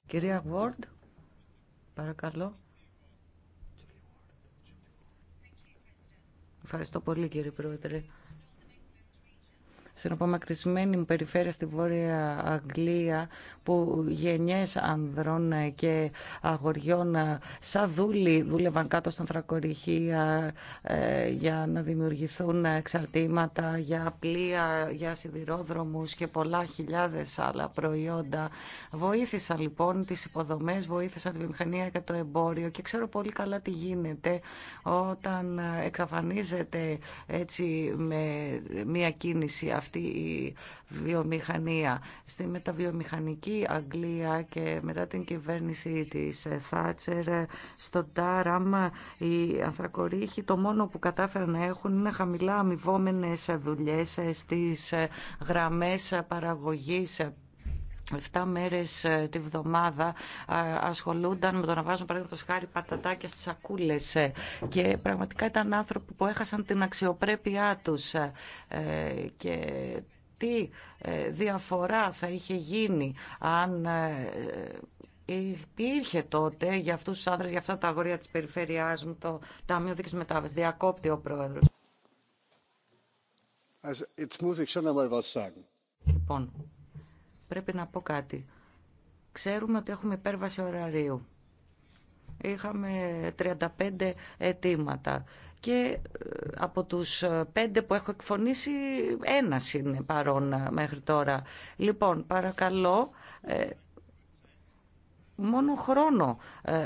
Κυρία Βόρντ, παρακαλώ. Ευχαριστώ πολύ κύριε Πρόεδρε στην απομακρυσμένη μου περιφέρεια στη Βόρεια Αγγλία που γενιές ανδρών και αγοριών σαν δούλοι δούλευαν κάτω στα ανθρακοριχεία ε, για να δημιουργηθούν εξαρτήματα για πλοία, για σιδηρόδρομους και πολλά χιλιάδες άλλα προϊόντα. Βοήθησαν λοιπόν τις υποδομές, βοήθησαν τη βιομηχανία και το εμπόριο και ξέρω πολύ καλά τι γίνεται όταν εξαφανίζεται έτσι με μια κίνηση αυτή αυτή βιομηχανία. Στη μεταβιομηχανική Αγγλία και μετά την κυβέρνηση της Θάτσερ στον Τάραμ οι ανθρακορίχοι το μόνο που κατάφεραν να έχουν είναι χαμηλά αμοιβόμενες δουλειές στις γραμμές παραγωγής 7 μέρε ε, τη βδομάδα ασχολούνταν με το να βάζουν παραδείγματο χάρη πατατάκια στι σακούλε. Ε, και πραγματικά ήταν άνθρωποι που έχασαν την αξιοπρέπειά του. Ε, και τι διαφορά θα είχε γίνει αν υπήρχε τότε για αυτούς τους άνδρες, για αυτά τα αγόρια της περιφέρειάς μου, το Ταμείο Δίκης Μετάβασης. Διακόπτει ο Πρόεδρος. Λοιπόν, πρέπει να πω κάτι. Ξέρουμε ότι έχουμε υπέρβαση ωραρίου. Είχαμε 35 αιτήματα και ε, από τους ε, πέντε που έχω εκφωνήσει ένας είναι παρόν ε, μέχρι τώρα. Λοιπόν, παρακαλώ, μόνο χρόνο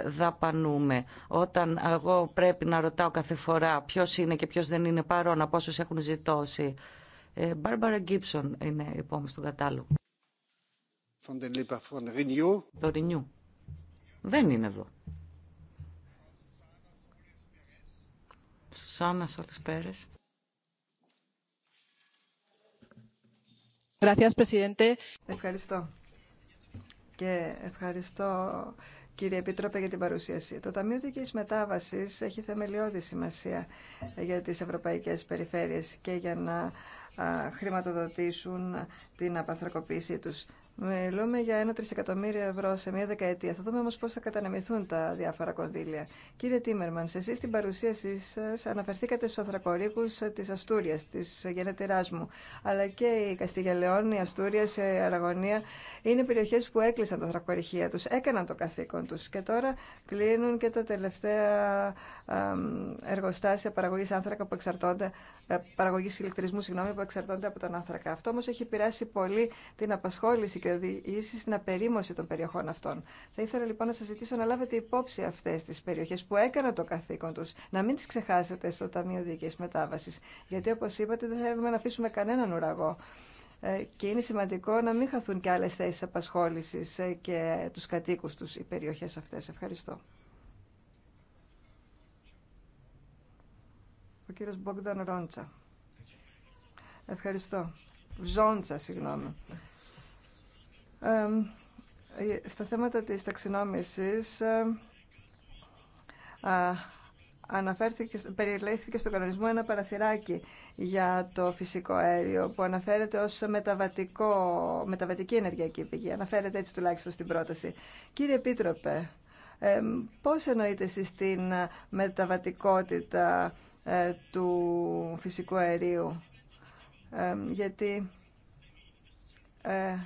δαπανούμε όταν εγώ πρέπει να ρωτάω κάθε φορά ποιος είναι και ποιος δεν είναι παρόν από όσους έχουν ζητώσει. Μπάρμπαρα Γκίψον είναι η επόμενη στον κατάλογο. Δεν είναι εδώ. Σουσάνα Σόλες Ευχαριστώ. Και ευχαριστώ κύριε Επίτροπε για την παρουσίαση. Το Ταμείο Δικής Μετάβασης έχει θεμελιώδη σημασία για τις ευρωπαϊκές περιφέρειες και για να χρηματοδοτήσουν την απαθρακοποίησή τους. Μιλούμε για ένα τρισεκατομμύριο ευρώ σε μία δεκαετία. Θα δούμε όμω πώ θα κατανεμηθούν τα διάφορα κονδύλια. Κύριε Τίμερμαν, εσεί στην παρουσίασή σα αναφερθήκατε στου ανθρακορίκου τη Αστούρια, τη γενετηρά μου. Αλλά και η Καστιγελαιών, η Αστούρια, η Αραγωνία είναι περιοχέ που έκλεισαν τα ανθρακοριχεία του, έκαναν το καθήκον του και τώρα κλείνουν και τα τελευταία εργοστάσια παραγωγή άνθρακα που εξαρτώνται ε, Παραγωγή ηλεκτρισμού συγγνώμη, που εξαρτώνται από τον άνθρακα. Αυτό όμω έχει πειράσει πολύ την απασχόληση και οδηγήσει στην απερίμωση των περιοχών αυτών. Θα ήθελα λοιπόν να σα ζητήσω να λάβετε υπόψη αυτέ τι περιοχέ που έκαναν το καθήκον του, να μην τι ξεχάσετε στο Ταμείο Διοικητική μετάβαση. γιατί όπω είπατε δεν θέλουμε να αφήσουμε κανέναν ουραγό ε, και είναι σημαντικό να μην χαθούν και άλλε θέσει απασχόληση ε, και του κατοίκου του οι περιοχέ αυτέ. Ευχαριστώ. Ο κύριος Μπόγκταν Ρόντσα. Ευχαριστώ. Ζόντσα, συγγνώμη. Ε, στα θέματα της ταξινόμησης ε, α, αναφέρθηκε, κανονισμό ένα παραθυράκι για το φυσικό αέριο που αναφέρεται ως μεταβατικό, μεταβατική ενεργειακή πηγή. Αναφέρεται έτσι τουλάχιστον στην πρόταση. Κύριε Επίτροπε, ε, πώς εννοείτε εσείς την μεταβατικότητα ε, του φυσικού αερίου. Ε, γιατί ε,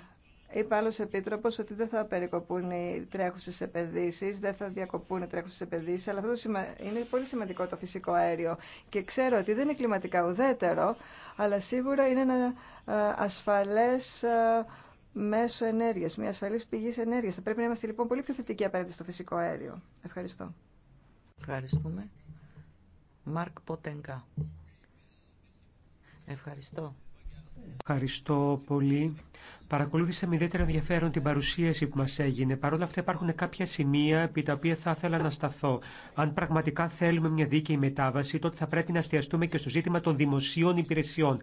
είπε άλλος επίτροπος ότι δεν θα περικοπούν οι τρέχουσες επενδύσεις, δεν θα διακοπούν οι τρέχουσες επενδύσεις, αλλά αυτό είναι πολύ σημαντικό το φυσικό αέριο. Και ξέρω ότι δεν είναι κλιματικά ουδέτερο, αλλά σίγουρα είναι ένα ασφαλές μέσο ενέργειας, μια ασφαλής πηγή ενέργεια. Θα πρέπει να είμαστε λοιπόν πολύ πιο θετικοί απέναντι στο φυσικό αέριο. Ευχαριστώ. Ευχαριστούμε. Μάρκ Ποτέγκα. Ευχαριστώ. Ευχαριστώ πολύ. Παρακολούθησα με ιδιαίτερο ενδιαφέρον την παρουσίαση που μας έγινε. Παρ' όλα αυτά υπάρχουν κάποια σημεία επί τα οποία θα ήθελα να σταθώ. Αν πραγματικά θέλουμε μια δίκαιη μετάβαση, τότε θα πρέπει να εστιαστούμε και στο ζήτημα των δημοσίων υπηρεσιών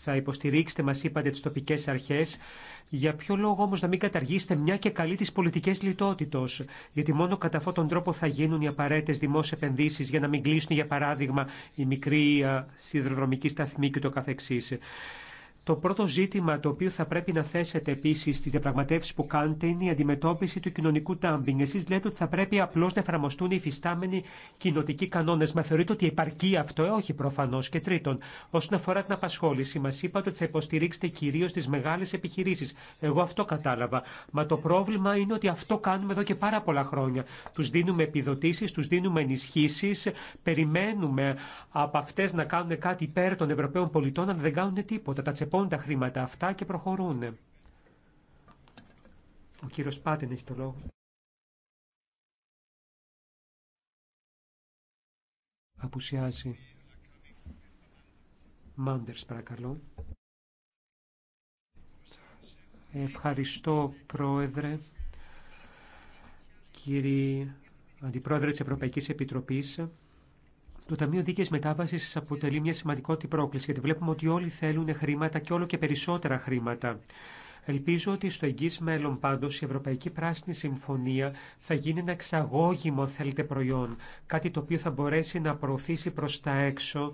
θα υποστηρίξετε, μα είπατε, τι τοπικέ αρχέ. Για ποιο λόγο όμω να μην καταργήσετε μια και καλή τη πολιτική λιτότητα, Γιατί μόνο κατά αυτόν τον τρόπο θα γίνουν οι απαραίτητε δημόσιε επενδύσει για να μην κλείσουν, για παράδειγμα, οι μικροί σιδηροδρομικοί σταθμοί κ.ο.κ. Το πρώτο ζήτημα το οποίο θα πρέπει να θέσετε επίση στι διαπραγματεύσει που κάνετε είναι η αντιμετώπιση του κοινωνικού τάμπινγκ. Εσεί λέτε ότι θα πρέπει απλώ να εφαρμοστούν οι φυστάμενοι κοινοτικοί κανόνε. Μα θεωρείτε ότι υπαρκεί αυτό, ε, όχι προφανώ. Και τρίτον, όσον αφορά την απασχόληση, μα είπατε ότι θα υποστηρίξετε κυρίω τι μεγάλε επιχειρήσει. Εγώ αυτό κατάλαβα. Μα το πρόβλημα είναι ότι αυτό κάνουμε εδώ και πάρα πολλά χρόνια. Του δίνουμε επιδοτήσει, του δίνουμε ενισχύσει, περιμένουμε από αυτέ να κάνουν κάτι υπέρ των Ευρωπαίων πολιτών, αλλά δεν κάνουν τίποτα. Τα λοιπόν τα χρήματα αυτά και προχωρούν. Ο κύριος Πάτεν έχει το λόγο. Απουσιάζει. Μάντερς παρακαλώ. Ευχαριστώ Πρόεδρε, κύριε Αντιπρόεδρε της Ευρωπαϊκής Επιτροπής. Το Ταμείο Δίκαιη Μετάβαση αποτελεί μια σημαντικότητα πρόκληση, γιατί βλέπουμε ότι όλοι θέλουν χρήματα και όλο και περισσότερα χρήματα. Ελπίζω ότι στο εγγύς μέλλον πάντω η Ευρωπαϊκή Πράσινη Συμφωνία θα γίνει ένα εξαγώγημο, αν θέλετε, προϊόν. Κάτι το οποίο θα μπορέσει να προωθήσει προς τα έξω